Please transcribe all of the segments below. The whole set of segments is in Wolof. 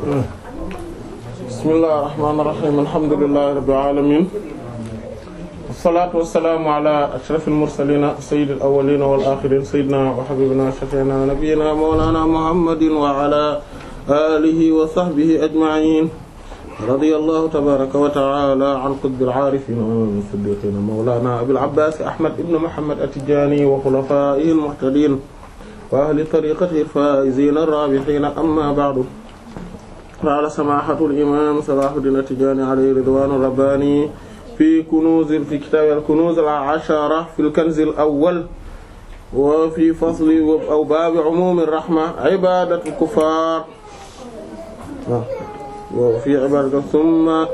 bismillahir rahmanir rahim alhamdulillahi rabbil alamin wassalatu wassalamu ala ashrafil mursalin sayyidil awwalin wal akhirin sayyidina wa habibina shafi'ina nabiyyina mawlana muhammadin wa ala alihi wa sahbihi ajma'in radiyallahu tabaraka wa ta'ala an qutbil aarifin wa siddiqin mawlana abil abbas ahmad ibn muhammad at-tijani wa khulafa'ihil muhtadin wa ahli tariqatihi al-faa'izin ar-rabihin amma ba'du qaala samaahatul imaam Salaahuddin At-Tijaani alayhi ridwaanu rabbaani fi kunuuz fi kitaabi al-kunuuz al-ashara fi al-kanz al-awwal wa fi fasli aw baabi umuumi rahma ibaadatul kuffaar wa fi ibaadati summa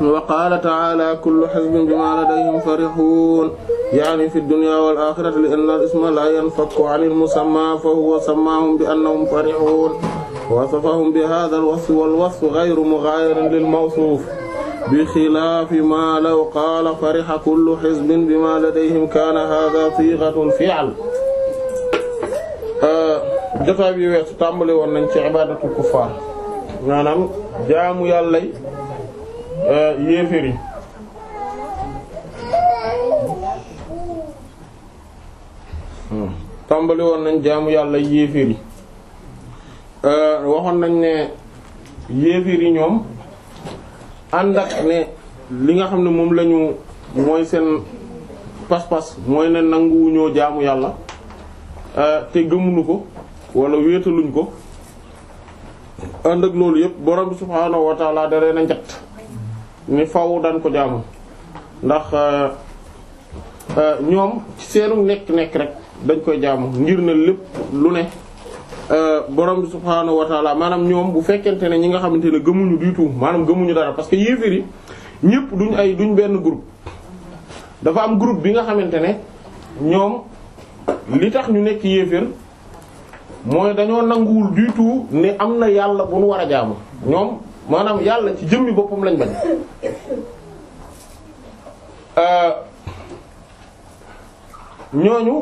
wa qaala ta'aala kullu hizbin bimaa ladayhim farihuun yaani fi dunyaa wal aaxirati li anna al-isma laa yanfaku anil musammaa fa huwa sammaahum bi annahum farihuun wasafahum bi haadhal wasfi wal wasfu ghayru mughaayirin lil mawsuuf bi xilaafi maa law qaala fariha kullu hizbin bimaa ladayhim kaana haadhaa siighatu fi'l euh, jotaay bi weesu tàmbali woon nañ ci ibaadatul kuffaar maanaam jaamu yàlla yi Euh, yéeféer yi hmm. tàmbali woon nañ jaamu yàlla yéeféer yi euh, waxoon nañ ne yéeféer yi ñoom ànd ak ne li nga xam ne moom lañu mooy seen pas-pas mooy ne nanguwuñoo jaamu yàlla euh, te gëmuñu ko wala wéetaluñ ko ànd ak loolu yépp borom bi subhaanahu wa ta'ala da leen ni faw dañ ko jaamu ndax euh, euh, ñoom ci seenu nekk-nekk rek dañ koy jaamu ngir na lépp lu ne euh, borom bi subhaanahu wa taala maanaam ñoom bu fekkente ne ñi nga xamante ne gëmuñu du tout maanaam gëmuñu dara parce que yéeféer yi ñëpp duñ ay duñ benn groupe dafa am groupe bi nga xamante ne ñoom li tax ñu nekk yéeféer mooy dañoo nanguwul du tout ne am na yàlla bu nu war a jaamu ñoom maanaam yàlla ci jëmmi boppam lañ bañ euh, ñooñu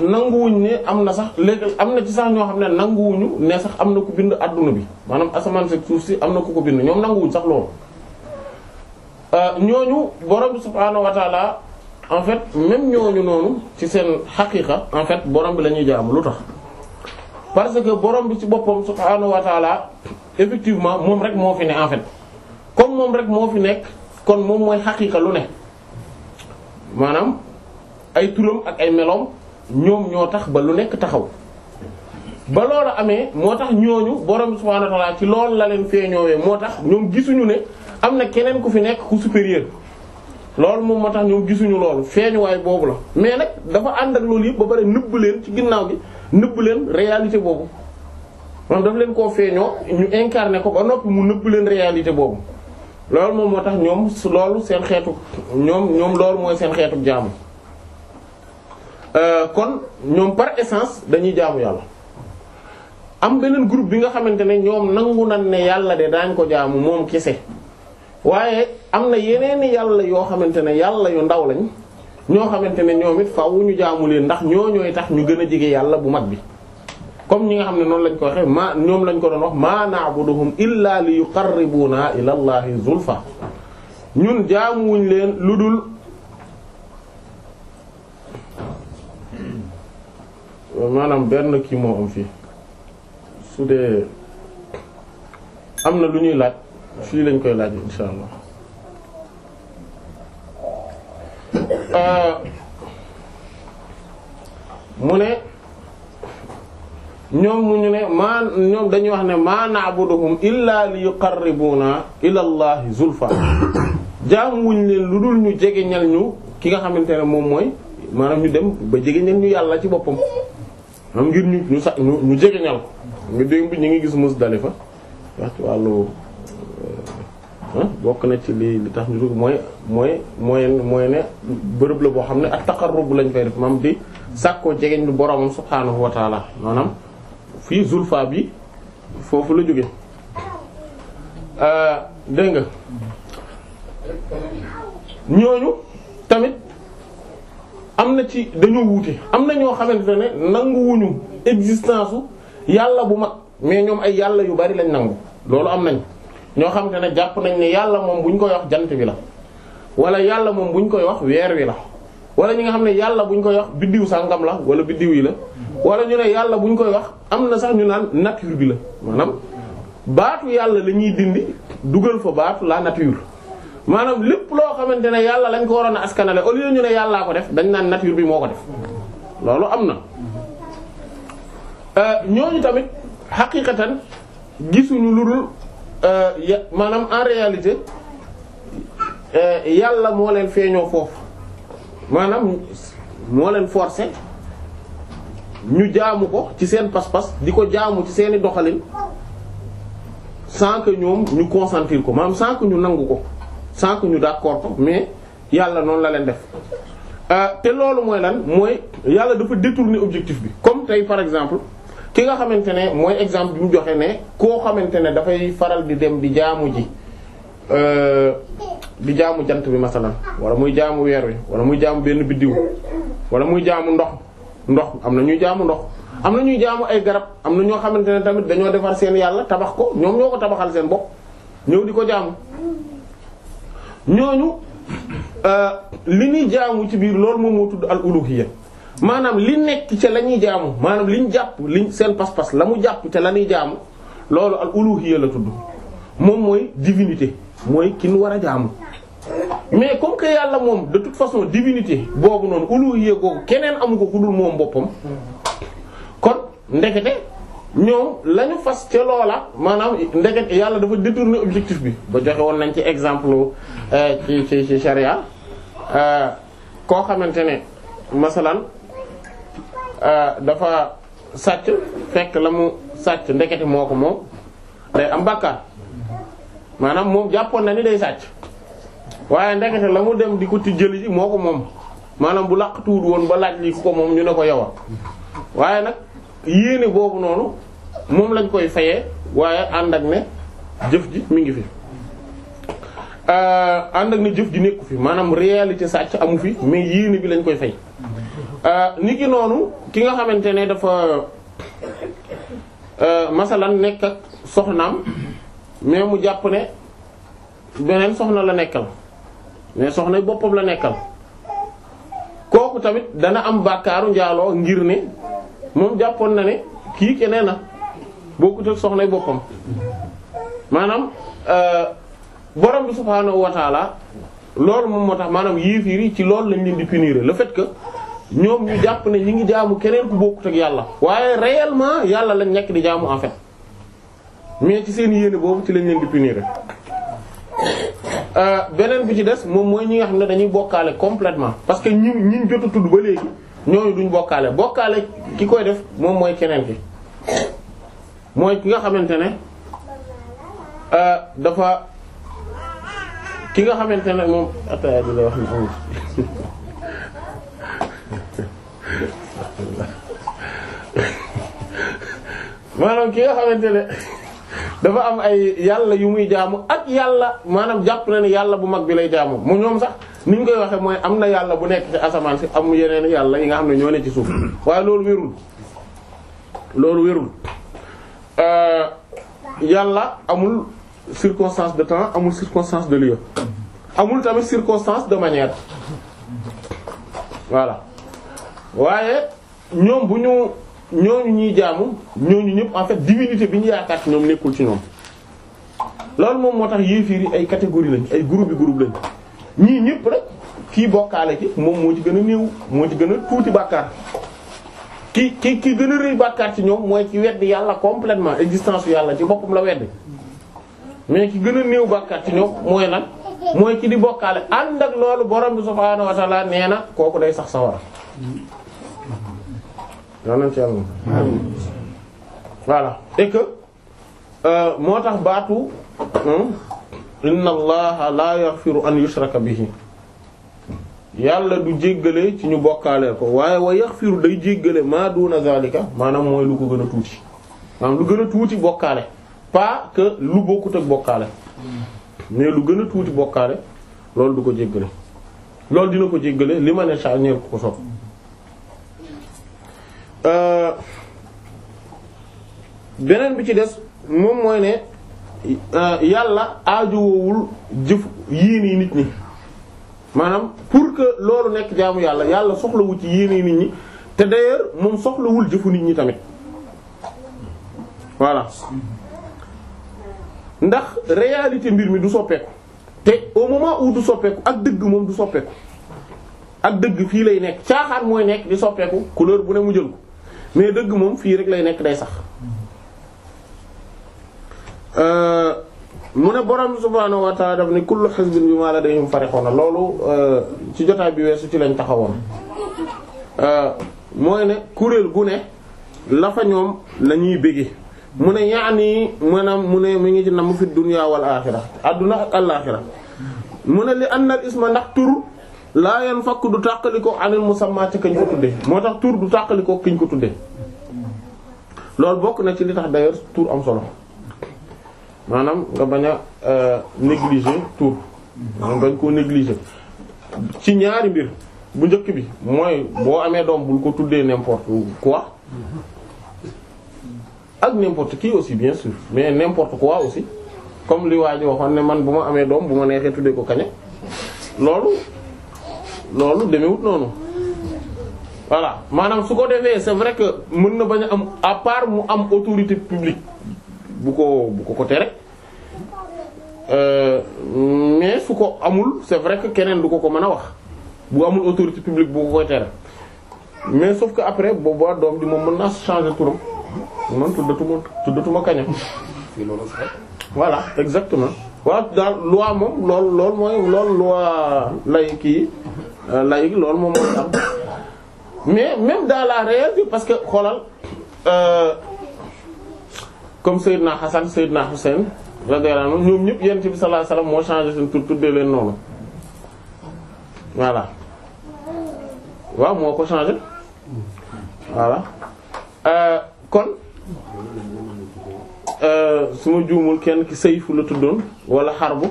nanguwuñ ne am na sax léegi am na ci sax ñoo xam ne nanguwuñu ne sax am na ku bind àdduna bi maanaam asamaan si suuf si am na ku ko bind ñoom nanguwuñ sax loolu euh, ñooñu borom subhaanahu wa en fait même ñooñu noonu ci seen xaqiqa en fait borom bi lañuy ñuy jaamu lu tax parce que borom bi ci boppam subhaanahu effectivement moom rek moo fi ne en fait rek moo fi nekk kon moom mooy xaqiqa lu ne maanaam ay turam ak ay meloom ñoom ñoo tax ba lu nekk taxaw ba loolu amee moo tax ñooñu borom subhaanahu wa ta'aala ci lool la leen feeñoowee moo tax ñoom gisuñu ne am na keneen ku fi nekk ku supérieur loolu moom moo tax ñoom gisuñu loolu feeñuwaay boobu la mais nag dafa ànd ak loolu yëpp ba pare nëbb leen ci ginnaaw gi nëbb leen réalité boobu. moom daf leen koo feeñoo ñu incarné ko ba noppi mu nëbb leen réalité boobu loolu moom moo tax ñoom su loolu seen xeetu ñoom ñoom loolu mooy seen xeetu jaamu euh, kon ñoom par essence dañuy jaamu yàlla am beneen groupe bi nga xamante ne ñoom nangu nan ne yàlla de daañ ko jaamu moom kese waaye am na yeneen yàlla yoo xamante ne yàlla yu ndaw lañ ñoo xamante ne ñoom it faaw ñu jaamu leen ndax ñoo ñooy tax ñu gën a jege yàlla bu mag bi comme ñi nga xam ne noonu lañ ko waxee ma ñoom lañ ko doon wax ma na'buduhum illa li yuqarribuna ila allahi zulfa ñun jaamuwuñ leen lu dul maanaam benn kii moo am fii su dee am na lu ñuy laaj fii lañ koy laaj insha allah euh, mu ne ñoom mu ñu ne maa ñoom dañuy wax ne maa na'buduhum illaa li yuqarribuna ila allahi zulfa jaam wuñ leen lu dul ñu jege ñal ñu ki nga xamante ne moom mooy maanaam ñu dem ba jege ñal ñu yàlla ci boppam maanaam ngir ñu ñu sax ñu jege ñal ko nga dégg ñu ngi gis Musdalifa wax ci na ci li li tax ñu mooy mooy mooy mooy ne bërëb la boo xam ne ak taqarrub lañ fay def maam di sàkkoo jegeñ lu boromam subhaanahu wa maanaam fii zulfa bi foofu la jóge euh, dégg nga ñooñu tamit am na ci dañoo wuute am na ñoo xamante ne nanguwuñu existance u yàlla bu mag mais ñoom ay yàlla yu bari lañ nangu loolu am nañ ñoo xamante ne jàpp nañ ni yàlla moom buñ ñu koy wax jant bi la wala yàlla moom buñ koy wax weer wi la wala ñi nga xam ne yàlla buñ ñu koy wax biddiw sàngam la wala biddiw yi la wala ñu ne yàlla bu ñu koy wax am na sax ñu naan nature bi la maanaam baatu yàlla la ñuy dindi dugal fa baatu la nature maanaam lépp loo xamante ne yàlla lañ ko waroon a askanale au lieu ñu ne yàllaa ko def dañ naan nature bi moo ko def loolu am na. Euh, ñooñu tamit xaqiqatan gisuñu lu dul euh, maanaam en réalité euh, yàlla moo leen feeñoo foofu maanaam moo leen forcer. ñu jaamu ko ci seen pas-pas di ko jaamu ci seeni doxalin sans ñoom ñu consentir ko maanaam sans ñu nangu ko sans ñu d'accord ko mais yàlla noonu la leen def euh, te loolu mooy lan mooy yàlla dafa détourner objectif bi comme tey par exemple ki nga xamante ne mooy exemple bi mu joxee ne koo xamante ne dafay faral di dem di jaamu ji euh, di jaamu jant bi masalan wala muy jaamu weer wi wala muy jaamu benn biddiw wala muy jaamu ndox ndox am na ñuy jaamu ndox am na ñuy jaamu ay garab am na ñoo xamante ne tamit dañoo defar seen yàlla tabax ko ñoom ñoo ko tabaxal seen bopp ñëw di ko jaamu ñooñu euh, li ñuy jaamu ci biir loolu moom moo tudd al uluhiyya maanaam li nekk ca la ñuy jaamu maanaam liñ jàpp liñ seen pas-pas la mu jàpp ca la ñuy jaamu loolu al uluhiyya la tudd moom mooy divinité mooy ki ñu war a jaamu mais comme que yàlla moom de toute façon divinité boobu noonu uluhiyya ko keneen amu ko ku dul moom boppam kon ndekete ñoom la fas ca loola maanaam ndekete yàlla dafa détourner objectif bi ba joxe woon nañ ci exemple euh, ci ci ci euh, koo xamante ne masalan euh, dafa sàcc fekk la mu sàcc ndekete moo ko moom day am bàkkaar maanaam moom jàppoon na ni day sàcc waaye ndekete la mu dem di ko ti jëli moo ko moom maanaam bu làqtuwut woon ba laaj li ko moom ñu ne ko yowa waaye nag yéene boobu noonu moom lañ koy fayee waaye ànd ak ne jëf ji mi ngi fi euh, ànd ak ne jëf ji nekku fi maanaam réalité sàcc amu fi mais yéene bi lañ koy fay euh, ni ki noonu ki nga xamante ne dafa euh, masalan nekk ak soxnaam mais mu jàpp ne beneen soxna la nekkal mais soxna boppam la nekkal kooku tamit dana am bàkkaaru njaaloo ngir ne moom jàppoon na ne kii keneen na bokkut ak soxna boppam maanaam euh, borom bi subhaanahu wa taala loolu moom moo tax maanaam yéefiir yi ci loolu lañ leen di punir le fait que ñoom ñu jàpp ne ñi ngi jaamu keneen ku bokkut ak yàlla waaye réellement yàlla lañ nekk di jaamu en fait mais ci seen yéene boobu ci lañ leen di punir Euh, beneen bi ci des moom mooy ñi nga xam ne dañuy bokkaale complètement parce que ñi ñi jot a tudd ba léegi ñooñu duñ bokkaale bokkaale ki koy def moom mooy keneen ki mooy ki nga xamante ne euh, dafa ki nga xamante ne moom ataaya bi lay wax na amul ki nga xamante ne dafa am ay yàlla yu muy jaamu ak yàlla maanaam jàpp na ne yàlla bu mag bi lay jaamu mu ñoom sax ni ñu koy waxee mooy am na yàlla bu nekk ci asamaan si am yeneen yàlla yi nga xam ne ñoo ne ci suuf waaye loolu wérul loolu wérul euh, yàlla amul circonstance de temps amul circonstance de lieu amul tamit circonstance de manière voilà waaye ñoom bu ñu ñooñu ñuy jaamu ñooñu ñëpp en fait divinité bi ñu yaakaar ci ñoom nekkul ci ñoom loolu moom moo tax yéefiir yi ay catégorie lañ ay groupe yi groupe lañ ñii ñëpp rek kii bokkaale ci moom moo ci gën a néew moo ci gën a tuuti bàkkaar ki ki ki gën a rëy bàkkaar ci ñoom mooy ci weddi yàlla complètement existence yàlla ci boppam la weddi mais ki gën a néew bàkkaar ci ñoom mooy lan mooy ki di bokkaale ànd ak loolu borom bi nee na kooku day sax sawara yal nañ ci yàlla moom voilà euh, moo tax baatu hmm, inna allaha la yaghfiru an yushraka bihi yàlla du jéggale ci ñu bokkaalee ko waaye wa yaghfiru day jéggale maa duna zalika maanaam mooy lu ko gën a tuuti maanaam lu gën tuuti bokkaale pas que lu bokkut ak bokkaale mais lu gën tuuti bokkaale loolu du ko jéggale loolu dina ko jéggale li ma ne saa ñeel ko Euh, beneen bi ci des moom mooy ne euh, yàlla aajowul jëf yéene yi nit ñi maanaam pour que loolu nekk jaamu yàlla yàlla soxlawu ci yéene yi nit ñi te d'ailleurs moom soxlawul jëfu nit ñi tamit voilà ndax réalité mbir mi du soppeeku te au moment où soppeeku ak dëgg moom du soppeeku ak dëgg fii lay nekk caaxaan mooy nekk di soppeeku couleur bu ne mu jël ko mais dëgg moom fii rek lay nekk day sax euh, mu ne borom subhaanahu wa ta'ala daf ne kullu hizbin bimaa ladayhim farihuna loolu euh, ci jotaay bi weesu ci lañ taxawoon euh, mooy ne kuréel gu ne la fa ñoom lañuy ñuy mu ne yaani maanaam mu ne mu ngi ci nam fi dunya wal axira ak al axira mu ne li annal isma ndax tur laa yan fakk du tàqalikoo anil musamma ci kañ ko tudde moo tax tur du tàqalikoo kiñ ko tudde loolu bokk na ci li tax d'ailleurs tur am solo maanaam nga bañ a euh, négliger tur nga bañ koo négliger ci ñaari mbir bu njëkk bi mooy boo amee doom bul ko tuddee n'importe quoi ak n'importe qui aussi bien sûr mais n'importe quoi aussi comme li waa ji waxoon ne man bu ma amee doom bu ma neexee tuddee ko kañe loolu loolu demewut noonu voilà maanaam su ko defee c'est vrai que mën na bañ am à part mu am autorité publique bu ko bu ko ko tere euh, mais su ko amul c'est vrai que keneen du ko ko mën a wax bu amul autorité publique bu ko koy tere mais sauf ko après boobaa doom di moom mën naa changer turam man tuddatuma tuddatuma kaña voilà exactement waaw daal loi moom loolu loolu loi lay kii Euh, laïque loolu moom mooy am mais même dans la réalité parce que xoolal euh, comme Seydina Hassan naa Hussein radiyallahu anhu ñoom ñëpp yonent bi sallallahu moo changé seen tur tuddee leen noonu voilà waaw moo ko changé voilà euh, kon su ma juumul kenn ki sayfu la tuddoon wala xarbu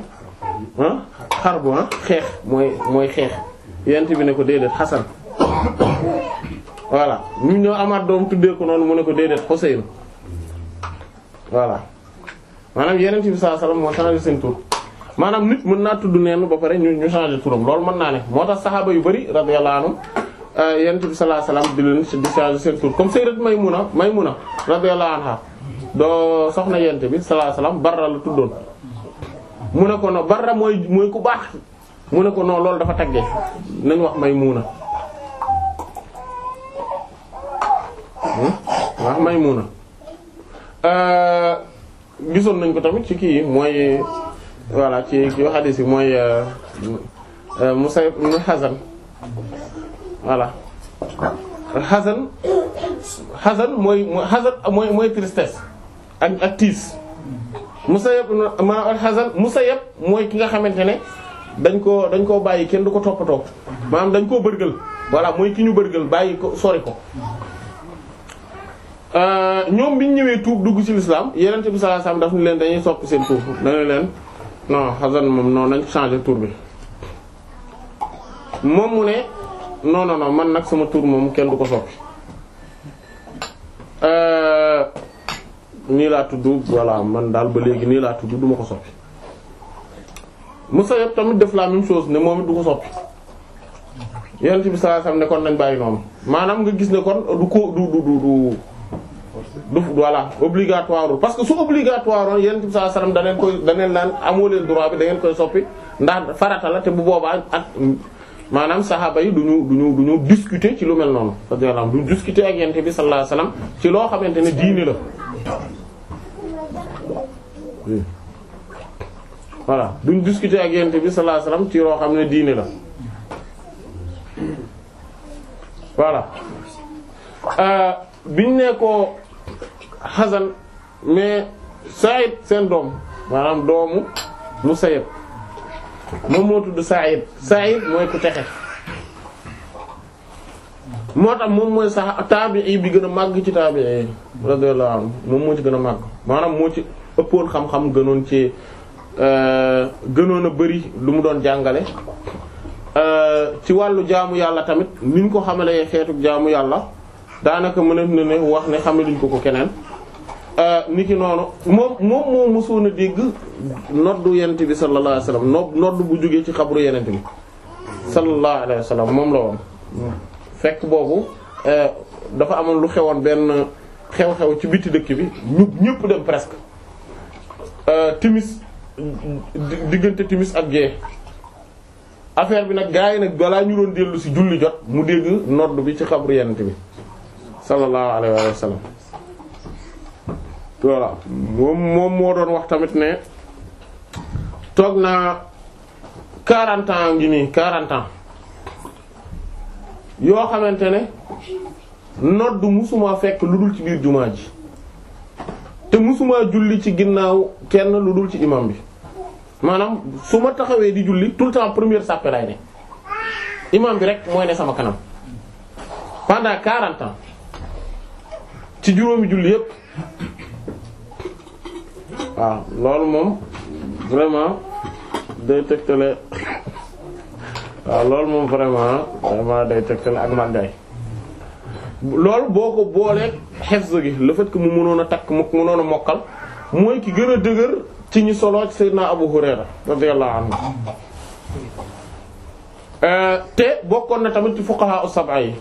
ah xarbu ah xeex mooy xeex. yent bi ne ko déedéet Xasan voilà ñu ñoo amaat doom tuddee ko noonu mu ne ko déedéet Xuseyn voilà maanaam yeneen bi sallallahu alayhi moo changé seen tur maanaam nit mën naa tudd neen ba pare ñu ñu changé turam loolu mën naa ne moo tax saxaaba yu bari radiyallahu anhu euh, yeneen bi sallallahu alayhi wasallam di leen di changé seen tur comme sayyidat Maymuna Maymuna radiyallahu anha doo soxna yent bi sallallahu alayhi wasallam Barra la tuddoon mu ne ko no Barra mooy mooy ku baax. mu ne ko non loolu dafa tagge nañ wax may Maymuna wax hmm? ah, Maymuna euh, gisoon nañ ko tamit ci kii mooy voilà ci ci hadith yi mooy euh, euh, Musayb ibn Hazan voilà Hazan Hazan mooy Hazan mooy mooy tristesse ak ak tiis Musayb ma Hazan Musayb mooy ki nga xamante ne. dañ koo dañ koo bàyyi kenn du ko toppatoo maanaam dañ koo bërgël voilà mooy ki ñu bërgël bàyyi ko sori ko euh, ñoom bi ñu ñëwee tuub dugg ci lislaam yeneen ci bi sallallahu alayhi wasallam daf ni leen dañuy soppi seen tuub dañu leen non xasan moom non nañ changer tur bi moom mu ne non non non man nag sama tuur moom kenn du ko soppi euh, nii laa tudd voilà man daal ba léegi nii laa tudd du ma ko soppi mu Musayyab tamit def la même chose ne moom it du ko soppi yonent bi sallallahu alayhi ne kon nañ bàyyi noonu maanaam nga gis ne kon du ko du du du du. du voilà obligatoire parce que su obligatoire yonent bi sallallahu alayhi wasallam da leen koy da leen amoo leen droit bi dangeen koy soppi ndax farata la te bu boobaa ak maanaam saxaaba yi du ñu du ñu du ñu discuter ci lu mel noonu. radiyallahu anhu du discuter ak yonent bi sallallahu alayhi wasallam ci loo xamante ne diine la. voilà duñ discuter ak yent bi sallallahu alayhi wasallam ci loo xam ne diine la voilà euh, biñ ne ko Xasan mais Saïd seen doom maanaam doomu Musayyib moom moo tudd Saïd Saïd mooy ku texe moo tax moom mooy sax taabii bi gën a màgg ci taabii radiyallahu anhu moom moo ci gën a màgg maanaam moo ci ëppoon xam-xam gënoon ci Euh, gënoon a bari lu mu doon jàngale euh, ci wàllu jaamu yàlla tamit ni ko xamalee xeetu jaamu yàlla daanaka mënef na ne wax ne xamaluñ ko ko keneen euh, niki noonu moom moom moo mosoon a dégg noddu yenent bi sallallahu alayhi no nodd bu jógee ci xabru yenent bi sallallahu alayhi moom la woon fekk boobu dafa amoon lu xewoon benn xew-xew ci biti dëkk bi ñu ñëpp dem presque timis diggante timis ak gée affaire bi nag gars nag balaa ñu doon dellu ci julli jot mu dégg nodd bi ci xabru yent bi sallallahu alayhi wa sallam voilà moom moom moo doon wax tamit ne toog naa 40 ngi nii 40 yoo xamante ne nodd musuma fekk lu dul ci biir jumaa ji te musuma julli ci ginnaaw kenn lu dul ci imam bi maanaam su ma taxawee di julli tout le temps première sàppe laay ne imam bi rek mooy ne sama kanam pendant quarante ans ci juróomi julli yépp waaw loolu moom vraiment day tegtale waaw loolu moom vraiment vraiment day tegtale ak màggaay lool boo ko boolee xefs gi la fait mu mënoon a takk mu mënoon a mokkal mooy ki gën a dëgër ci ñu solo ci naa Abu Hurayra radiyallahu anhu euh, te bokkoon na tamit ci fuqaha as-sab'a yi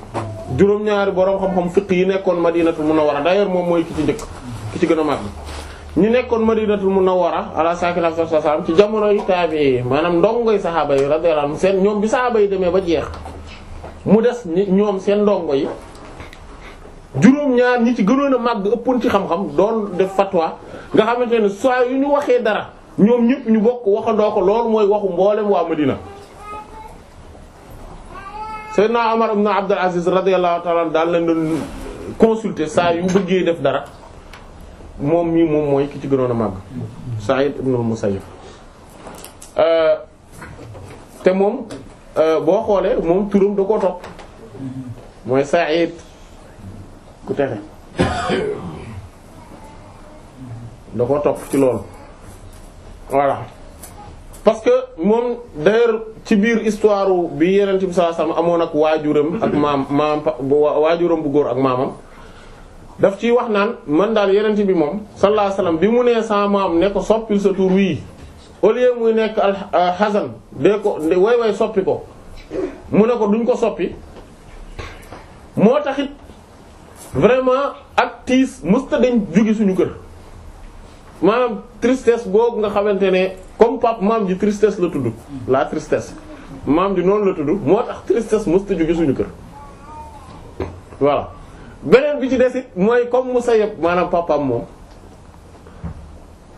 juróom-ñaari boroom xam-xam fiq yi nekkoon Madinatul Munawwara d'ailleurs moom mooy ki ci njëkk ki ci gën a mag ñi nekkoon Madinatul Munawwara ala sakina sallallahu ci jamonoy taabi'i maanaam ndongoy saxaaba yi radiyallahu seen ñoom bi saxaaba yi demee ba jeex mu des ñoom seen ndongo yi. juróom-ñaar ñi ci gënoon a màgg ëppoon ci xam-xam doon def fatwa nga xamante ne saa yu ñu waxee dara ñoom ñëpp ñu bokk waxandoo ko loolu mooy waxu mboolem waa Madina. Seydina Omar ibn Abdul Aziz radiyallahu ta'ala daal lañ doon consulter saa yu bëggee def dara moom mii moom mooy ki ci gënoon a màgg Sa'id ibn al-Musayyib euh, te moom euh, boo xoolee moom turam da koo topp mooy Sa'id. ku texe da ko topp ci loolu voilà parce que moom d'ailleurs ci biir histoire bi yeneen bi sallallahu alayhi wasallam amoon ak waajuram ak maam maam waajuram bu góor ak maamam daf ciy wax naan man daal yeneen bi moom sallallahu alayhi wasallam bi mu nee sa maam ne ko soppil sa tur wii au muy nekk al xasan euh, dee ko way way soppi ko mu ne ko duñ ko soppi moo taxit vraiment ak tiis mësta dañ jóge suñu kër maanaam tristesse googu nga xamante ne comme pap maam ji tristesse la tudd la tristesse maam ji noonu la tudd moo tax tristesse mësta jóge suñu kër voilà beneen bi ci desit mooy comme Musayyab maanaam papam moom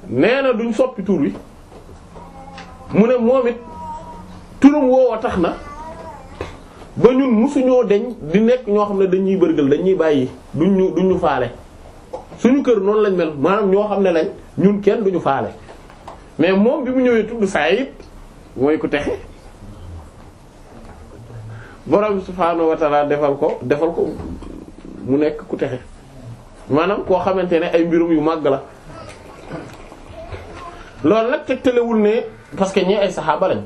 nee na duñ soppi tur wi mu ne moom it turum woowa tax na ba ñun musuñoo deñ di nekk ñoo xam ne dañuy bërgël dañuy bàyyi duñ ñu faale suñu kër noonu lañ mel maanaam ñoo xam ne lañ ñun kenn duñu faale mais moom bi mu ñëwee tudd Saïd mooy ku texe borom subhaanahu wa ta'ala defal ko defal ko mu nekk ku texe maanaam koo xamante ne ay mbirum yu màgg la loolu nag telewul ne parce que ñi ay saxaaba lañ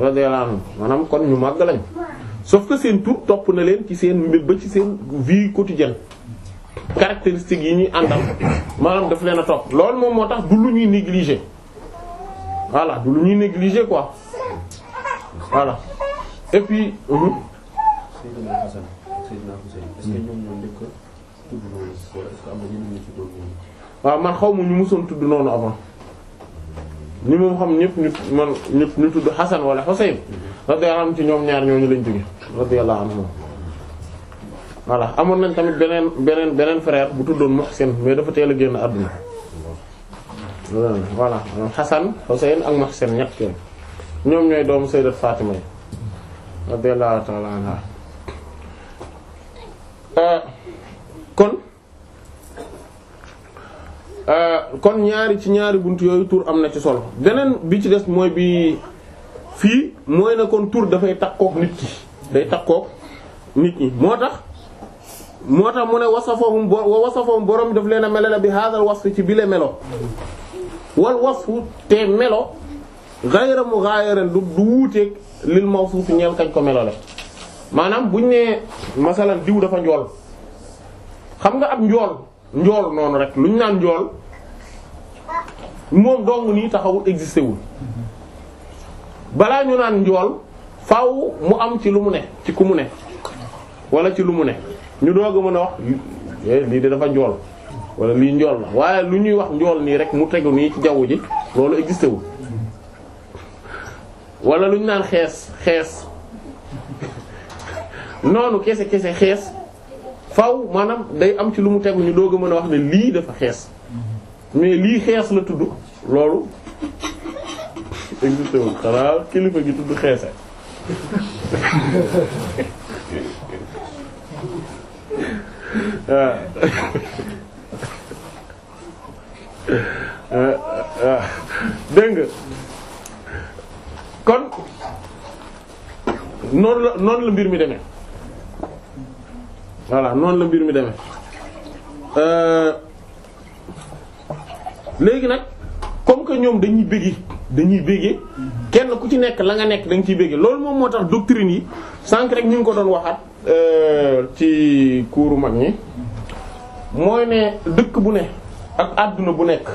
radiyallahu anhum maanaam kon ñu màgg lañ sauf que seen tur topp na leen ci seen mbir ba ci seen vie quotidienne caractéristiques yi ñuy àndal maanaam daf leen a topp loolu moom moo tax du lu ñuy négliger voilà du lu ñuy négliger quoi voilà et puis. waaw man xaw ma ñu mosoon tudd noonu avant. ñi moom xam ñëpp ñu man ñu ñu tudd Hasan wala Husayn radiyallahu anhu ci ñoom ñaar ñooñu lañ jóge radiyallahu anhu voilà amoon nañ tamit beneen beneen beneen frère bu tuddoon Muhsin mais dafa teel a génn àdduna voilà xasan Husayn ak Muhsin ñett yooyu ñoom ñooy doomu Sayyidat Fatima yi radiyallahu ta'ala anha euh, kon Euh, kon ñaari ci ñaari bunt yooyu tur am na ci sol beneen bi ci des mooy bi fii mooy na kon tur dafay takkook nit ki day takkook nit ñi moo tax moo tax mu ne wasafahum bo wa wasafahum borom daf leen a melale bi hadal wasf ci bile melo wal wasfu te melo ghayra mughayran du du wuuteeg lil mawsuuf ñeel kañ ko melo la maanaam buñ ne masalan diw dafa njool xam nga ab njool njool noonu rek lu ñu naan njool moom dong nii taxawul existé wul balaa ñu naan njool faw mu am ci lu mu ne ci ku mu ne wala ci lu mu ne ñu doog a mën a wax eh, lii de dafa njool wala lii njool la waaye lu ñuy wax njool nii rek mu tegu nii ci jaww ji loolu existé wul wala lu ñu naan xees xees noonu kese kese xees. faw maanaam day am ci lu mu tegu ñu doog a mën a wax ne lii dafa xees mais lii xees la tudd loolu existé wul kilifa gi tudd xeese waaw dégg nga kon noonu la noonu la mbir mi demee voilà noonu la mbir mi demee euh, léegi nag comme que ñoom dañuy bëgg dañuy bëggee kenn ku ci nekk la nga nekk da nga ciy bëggee loolu moom moo tax doctrine yi sànq rek ñu ngi ko doon waxaat euh, ci kuuru mag ñi mooy ne dëkk bu ne ak àdduna bu nekk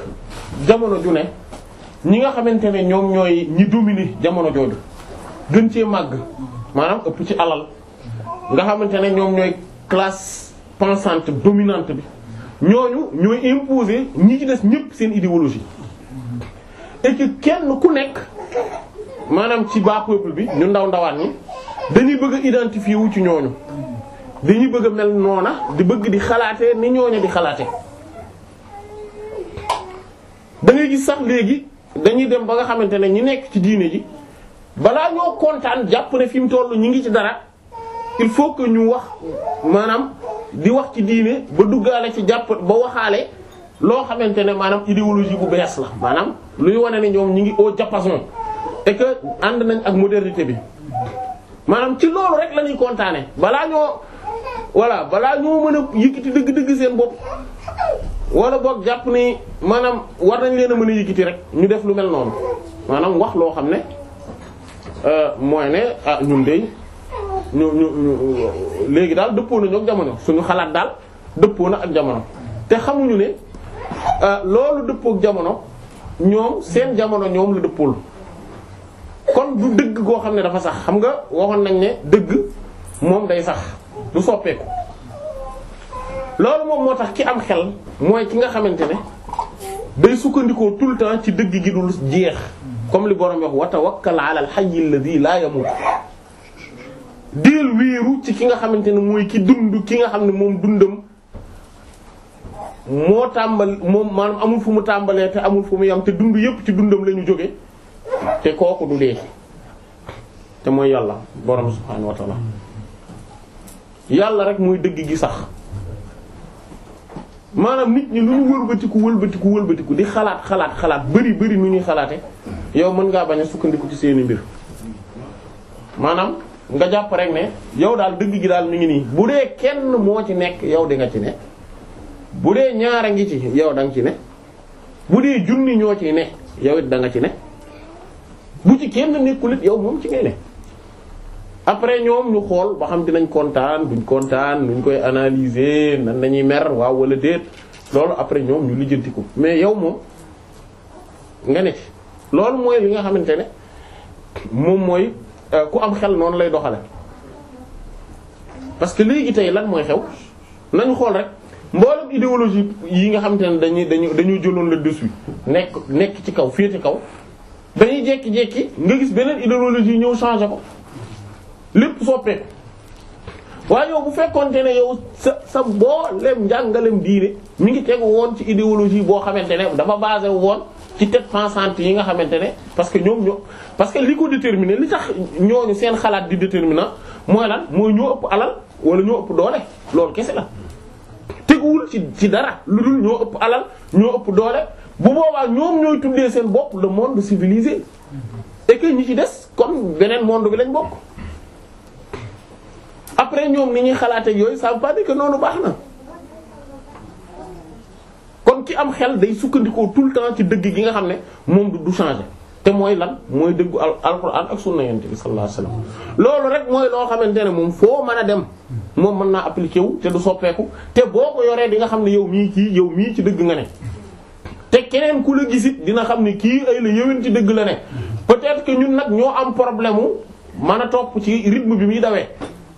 jamono ju ne ñi nga xamante ne ñoom ñooy ñi dominer jamono jooju gën cee màgg maanaam ëpp ci alal nga xamante ñoom ñooy classe pensante dominant bi ñooñu ñooy imposer ñi ci des ñëpp seen idéologie et que kenn ku nekk maanaam ci bas peuple bi ñu ndaw ndawaan ñi dañuy bëgg a identifier wu ci ñooñu dañuy bëgg a mel noona di bëgg di xalaate ni ñooñu di xalaatee da ngay gis sax léegi dañuy dem ba nga xamante ne ñi nekk ci diine ji balaa ñoo kontaan jàpp ne fi mu toll ñu ngi ci dara. il faut que ñu wax maanaam di wax ci diine ba duggaale ci jàpp ba waxaale loo xamante ne maanaam idéologie bu bees la maanaam luy wane ni ñoom ñi ngi au diapason et que ànd nañ ak modernité bi maanaam ci loolu rek la ñuy kontaane balaa ñoo voilà balaa ñoo mën a yëkkati dëgg-dëgg seen bopp wala boog jàpp ni maanaam war nañ leen a mën a yëkkati rek ñu def lu mel noonu maanaam wax loo xam ne euh, mooy ne ah ñun de. ñu léegi daal dëppoo nañu jamono suñu xalaat daal dëppoo na ak jamono te xamuñu ne euh, loolu dëppoo jamono ñoom seen jamono ñoom la dëppool kon du dëgg goo xam ne dafa sax xam nga waxoon nañ ne dëgg moom day sax du soppeeku loolu moom moo tax ki am xel mooy ki nga xamante ne day sukkandikoo tout le temps ci dëgg gi dul jeex comme li borom wax wa tawakkal ala al hayy alladhi yamut deel wéeru ci ki nga xamante ne mooy ki dund ki nga xam ne moom dundam moo tàmbal moom maanaam amul fu mu tàmbalee te amul fu mu yam te dund yépp ci dundam la ñu jóge te kooku du dee te mooy yàlla borom subhaanahu wa yàlla rek mooy dëgg gi sax maanaam nit ñi lu ñu wëlbatiku wëlbatiku wëlbatiku di xalaat xalaat xalaat bari bari nu ñuy xalaate yow mën ngaa bañ a sukkandiku ci seeni mbir maanaam nga jàpp rek ne yow daal dëgg gi daal mi ngi nii bu dee kenn moo ci nekk yow dinga ci ne bu dee ñaara ngi ci yow da nga ci ne bu dee junni ñoo ci ne yow it da nga ci ne bu ci kenn nekkul it yow moom ci ngay ne après ñoom ñu xool ba xam dinañ kontaan duñ kontaan luñ koy analyser nan lañuy mer waaw wala déet loolu après ñoom ñu lijjanti mais yow moom nga ne ci loolu mooy li nga xamante ne moom mooy Euh, ku am xel noonu lay doxale parce que léegi tey lan mooy xew nañu xool rek mboolem idéologie yi nga xam nte ne dañuy dañu dañuy jëloon le dessus nekk nekk ci kaw féete kaw dañuy jekki-jekki nga gis beneen idéologie ñëw changer ko lépp soppeeku waaye yow bu fekkoonte ne yow sa sa mboolem njàngalem diine mu ngi tegu woon ci idéologie boo xamante ne dafa basé woon ci tête pensante yi nga xamante ne parce que ñoom ñoo parce que li ko déterminer li tax ñooñu seen xalaat di déterminant mooy lan mooy ñoo ëpp alal wala ñoo ëpp doole loolu kese la teguwul ci ci dara lu dul ñoo ëpp alal ñoo ëpp doole bu boobaa ñoom ñooy tuddee seen bopp la monde civilisé et que ñi ci des comme beneen monde bi lañ bokk après ñoom ni ñuy xalaate yooyu sa veut pas noonu baax na ci am xel day sukkandikoo tout le temps ci dëgg gi nga xam ne moom du changer te mooy lan mooy dëggu al alxuraan ak sunna yonent bi sallallahu alayhi wasallam loolu rek mooy loo xamante ne moom foo mën a dem moom mën naa appliquer wu te du soppeeku te boo ko yoree di nga xam ne yow mii kii yow mii ci dëgg nga ne. te keneen ku la gisit dina xam ne kii ay la yëwén ci dëgg la ne peut-être que ñun nag ñoo am problème mu mën a topp ci rythme bi muy dawee.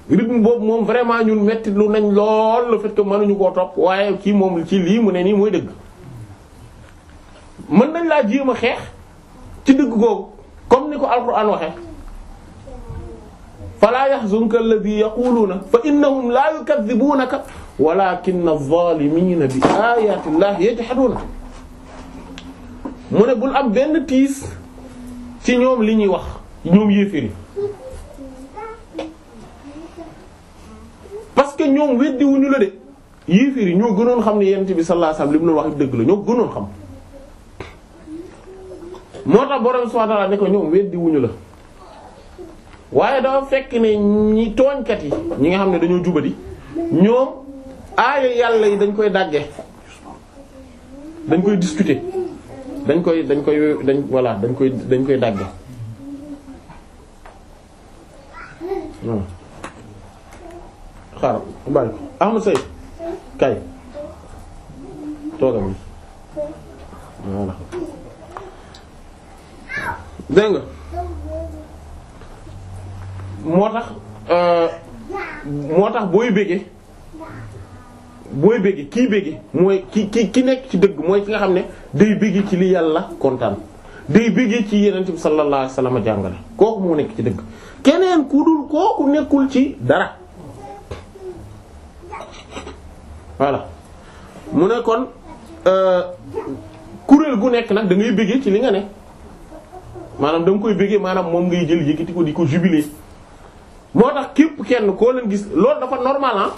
rythme boobu moom vraiment ñun metti lu nañ lool le fait que mënuñu koo topp waaye kii moom ci lii mu ne nii mooy dëgg mën nañ laa jéem a xeex ci dëgg googu comme ni ko alquran waxe fala yahzunka di yaquluna fa innahum la yukadhibunaka walakinna adh-dhalimina bi ayati llahi yajhaduna mu ne bul am benn tiis ci ñoom li ñuy wax ñoom yéeféri parce que ñoom weddi la de yéeféer yi ñoo gënoon xam ne yonent bi sallallahu alayhi li mu doon wax dëgg la ñoo gënoon xam moo tax borom subhanahu wa ta'ala ne ko ñoom weddi la waaye dafa fekk ne ñi tooñkat yi ñi nga xam ne dañoo jubadi ñoom aaya yàlla yi dañ koy dàgge dañ koy discuter dañ koy dañ koy dañ voilà dañ koy dañ koy dàgge hmm. xaaral bàyyi ko Ahmad Seyd kay toogam voilà dégg nga moo tax euh, moo tax booy bëggee booy bëggee kii bëggee mooy ki ki ki nekk ci dëgg mooy ki nga xam ne day bëggee ci li yàlla kontaan day bëggee ci yenent bi sallallahu alayhi wasallam jàngale kooku moo nekk ci dëgg keneen ku dul kooku nekkul ci dara voilà mu ne kon euh, kuréel gu nekk nag da ngay bëggee ci li nga ne maanaam da nga koy bëggee maanaam moom ngay jël yëkkati ko di ko jubiler moo tax képp kenn koo leen gis loolu dafa normal la ah.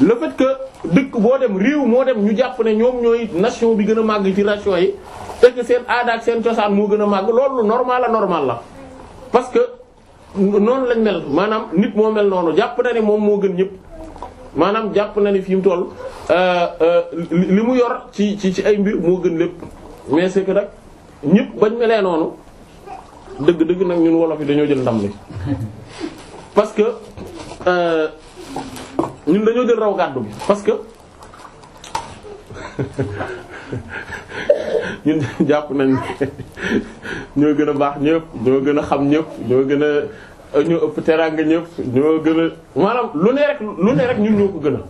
le que dëkk boo dem réew moo dem ñu jàpp ne ñoom ñooy nation bi gën a màgg ci nation yi te seen aada seen cosaan moo gën a màgg loolu normal la normal la parce que noonu lañ mel maanaam nit moo mel noonu jàpp na ne moom moo gën ñëpp maanaam jàpp na ni fi mu toll euh, euh, li mu yor ci ci ci ay mbir moo gën lépp mais c'est que ñëpp bañ melee noonu dëgg dëgg nag ñun wolof yi dañoo jël ndam li parce que euh, ñun dañoo jël raw gàddu bi parce que ñun jàpp nañ gën a baax ñëpp ñoo gën a xam ñëpp ñoo gën a ñu ëpp teraanga ñëpp ñoo gën a maanaam lu ne rek lu ne rek ñun ñoo ko gën a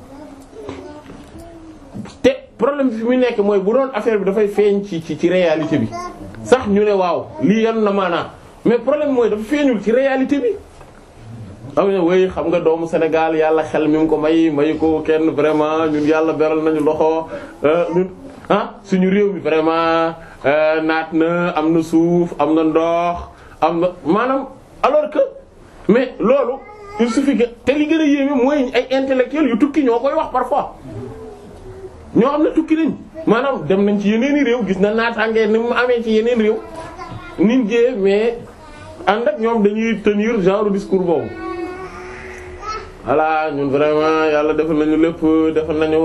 te problème fi muy nekk mooy bu doon affaire bi dafay feeñ ci ci ci réalité bi sax ñu ne waaw lii yan mais problème mooy dafa feeñul ci réalité bi am na way xam nga doomu Sénégal yàlla xel mi mu ko may may ko kenn vraiment ñun yàlla beral nañu loxo euh, ah, suñu réew mi vraiment euh, naat na am na suuf am na ndox am na maanaam alors que mais loolu il suffit que te li gën a yéeme mooy ay intellectuels yu tukki ñoo koy wax parfois ñoo xam ne tukki nañ maanaam dem nañ ci yeneen i réew gis na naataange ni mu amee ci yeneen réew niñ jee mais ànd ak ñoom dañuy tenir genre discours boobu. voilà ñun vraiment yàlla defal nañu lépp defal nañu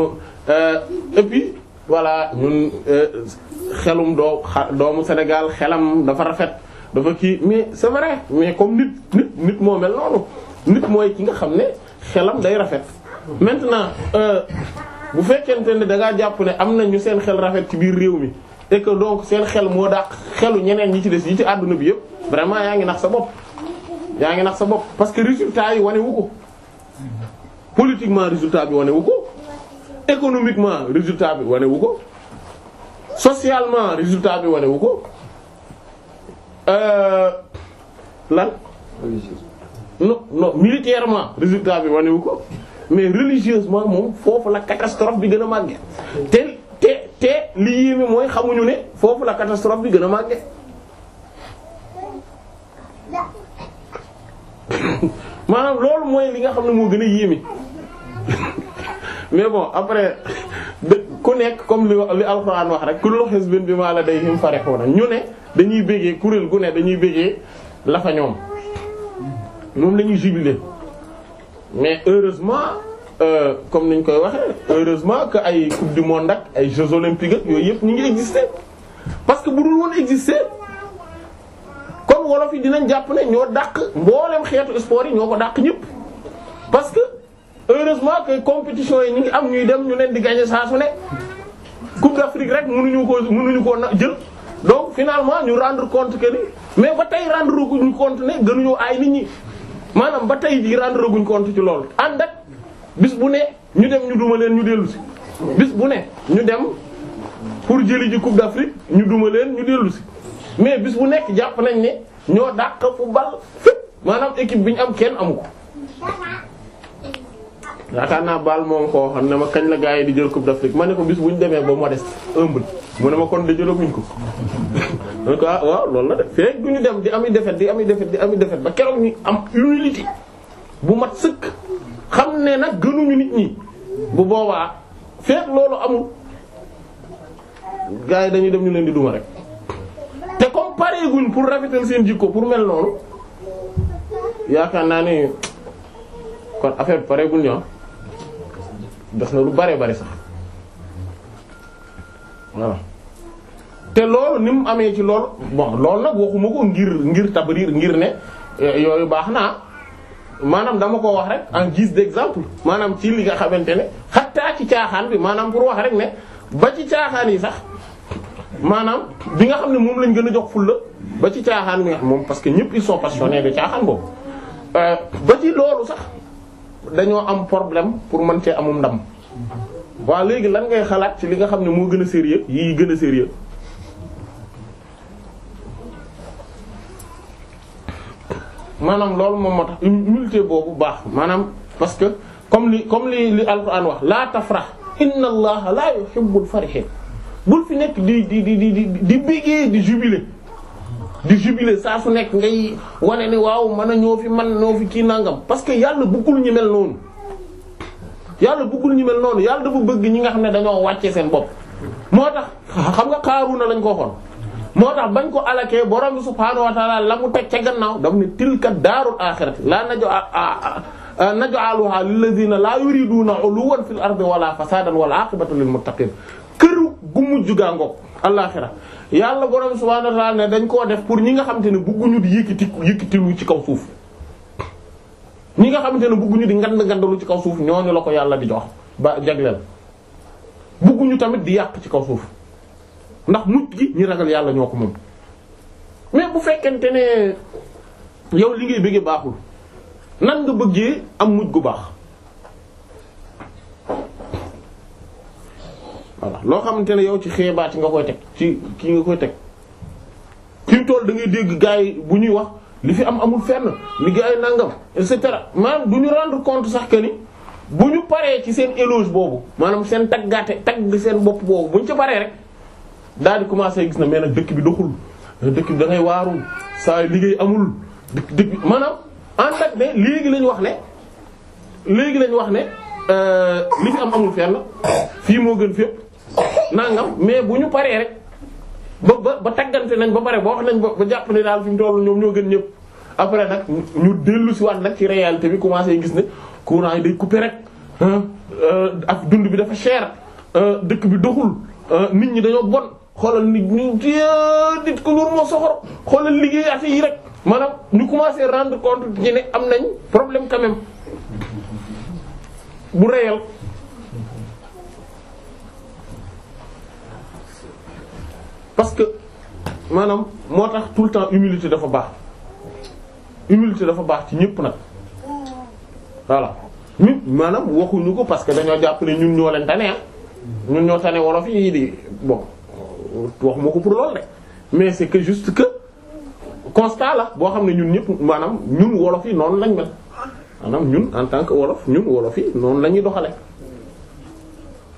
euh, et puis ñun euh, xelum doo doomu Sénégal xelam dafa rafet. dafa kii mais c'est vrai mais comme nit nit nit moo mel noonu nit mooy ki nga xam ne xelam day rafet. maintenant euh, bu fekkente ne dangaa ngaa jàpp ne am na ñu seen xel rafet ci biir réew mi et que donc seen xel moo daq xelu ñeneen ñi ci des yi ci àdduna bi yépp vraiment yaa ngi nax sa bopp. yaa ngi nax sa bopp parce que résultat yi wane wu ko politiquement résultat bi wane wu ko économiquement résultat wane wu ko socialement résultat bi wane wu ko. Euh, lan. non non militairement résultat bi wane ko mais religieusement moom foofu la catastrophe bi gën a màgge te te te li yéeme mooy xamuñu ne foofu la catastrophe bi gën a màgge maanaam loolu mooy li nga xam ne moo gën a yéeme. mais bon après ku nekk comme li li alxuraan wax rek bi kullu hizbin bimaa ladayhim farihun ñu ne dañuy bégee kuréel gu ne dañuy bégee la ñoom moom lañuy ñuy mais heureusement euh, comme niñ koy waxee heureusement que ay coupe du monde ak ay jeux olympiques yooyu yëpp ñu ngi exister parce que bu dul woon exister kon wolof yi dinañ jàpp ne ñoo dàq mboolem xeetu sport yi ñoo ko dàq ñëpp parce heureusement que compétition yi ñu ngi am ñuy ñu leen di gagner saa su ne Coupe d'Afrique rek ñu mënuñu ko mënuñu ko jël donc finalement ñu rendre compte que ni mais ba tey rendre guñ compte ne gënuñoo ay ni ñi maanaam ba tey jii rendre guñ compte ci loolu ànd ak bis bu ne ñu dem ñu duma leen ñu dellu si bis bu ne ñu dem pour jëli ji Coupe d'Afrique ñu duma leen ñu dellu si mais bis bu nekk jàpp nañ ne ñoo dàq football fépp maanaam équipe bi ñu am kenn amu ko yaakaar naa baal moom koo xam ne ma kañ la gaa yi di jël coupe d'Afrique ma ne ko bis bu ñu demee ba modeste humble mu ne ma kon de jëlaguñ ko. donc ah waaw loolu la de feeg du ñu dem di ami i di am i défaite di am i défaite ba keroog ñu am humilité bu mat sëkk xam ne nag gënuñu nit ñi bu boobaa feeg loolu amul gaa yi dañuy dem ñu leen di duma rek te comme paree guñ pour rafetal seen jikko pour mel noonu yaakaar naa ne kon affaire bi paree guñ ñoo def na lu bare bari sax voilà te loolu ni mu amee ci loolu bon loolu nag waxuma ko ngir ngir tabrir ngir ne eh, yooyu baax naa maanaam dama ko wax rek en guise d'exemple maanaam ci li nga xamante ne xattaa ci caaxaan bi maanaam pour wax rek ne ba ci caaxaan yi sax maanaam bi nga xam ne moom lañ gën a jox fulla ba ci caaxaan bi nga xam moom parce que ñëpp ils sont passionnés de caaxaan boobu euh, ba ci loolu sax dañoo am problème pour man cee amum ndam waaw léegi lan ngay xalaat ci li nga xam ne moo gën a sérieux yi gën a sérieux maanaam loolu moom moo tax humilité boobu baax maanaam parce que comme li comme li li alquran wax laa tafrax inna allaha la yuhibbul farihin bul fi nekk di di di di di bégee di jubiler di jubiler saa su nekk ngay wane ni waaw man a ñoo fi man ñoo fi kii nangam parce que yàlla bëggul ñu mel noonu yàlla bëggul ñu mel noonu yàlla dafa bëgg ñi nga xam ne dañoo wàcce seen bopp. moo tax xam nga Qaaruna lañ ko xoon moo tax bañ ko alakee borom bi subhaanahu wa ta'ala la mu teg ca gannaaw daf ne tilka daarul aaxirati laa naj'aluhaa lillaziina laa yuriiduuna 'uluwwan fil ardi wala fasaadan wal 'aaqibatu lil muttaqiin këru gu mujj gaa ngoog allaaxira yàlla borom subhaanahu wa ta'aala ne dañ koo def pour ñi nga xamante ne bëgguñu di yëkkati yëkkatilu ci kaw suuf ñi nga xamante ne bëgguñu di ngand ngandalu ci kaw suuf ñooñu la ko yàlla di jox ba jagleel bëgguñu tamit di yàq ci kaw suuf ndax mucc gi ñi ragal yàlla ñoo ko moom mais bu fekkente ne yow li ngay bëggee baaxul nan nga bëggee am mujj gu baax voilà loo xamante ne yow ci xeebaat nga koy teg ci kii nga koy teg fi mu toll da ngay dégg gars yi bu ñuy wax li fi am amul fenn li gars yi nangam et cetera maanaam du ñu rendre compte sax que ni bu ñu paree ci seen éloge boobu maanaam seen taggaate tagg seen bopp boobu bu ñu ci paree rek daal di commencer gis na mais nag dëkk bi doxul dëkk bi da ngay waaru saa liggéey amul dëkk dëkk maanaam en fait ne léegi lañ wax ne léegi lañ wax ne euh, li fi am amul fenn fii moo gën fépp. nangam mais bu ñu paree rek ba ba ba taggante nañ ba pare ba wax nañ ba ba jàpp ne daal fi ñu toll ñoom ñoo gën ñëpp après nag ñu dellu si waat nag ci réalité bi commencé gis ne courant yi day coupé rek euh, ak dund bi dafa cher euh, dëkk bi doxul euh, nit ñi dañoo bon xoolal nit ñu dit ko loolu moo soxor xoolal liggéey at yi rek maanaam ñu commencé rendre compte ci ne am nañ problème quand même bu réel parce que maanaam moo tax tout le temps humilité dafa baax humilité dafa baax ci ñépp nag voilà ñun maanaam waxuñu ko parce que dañoo jàpp ne ñun ñoo leen tane ah ñoo tane wolof yi di bon moo ko pour lool rek mais c'est que juste que constat la boo xam ne ñun ñépp maanaam ñun wolof yi noonu lañ mel maanaam en tant que wolof ñun wolof noonu la ñuy doxale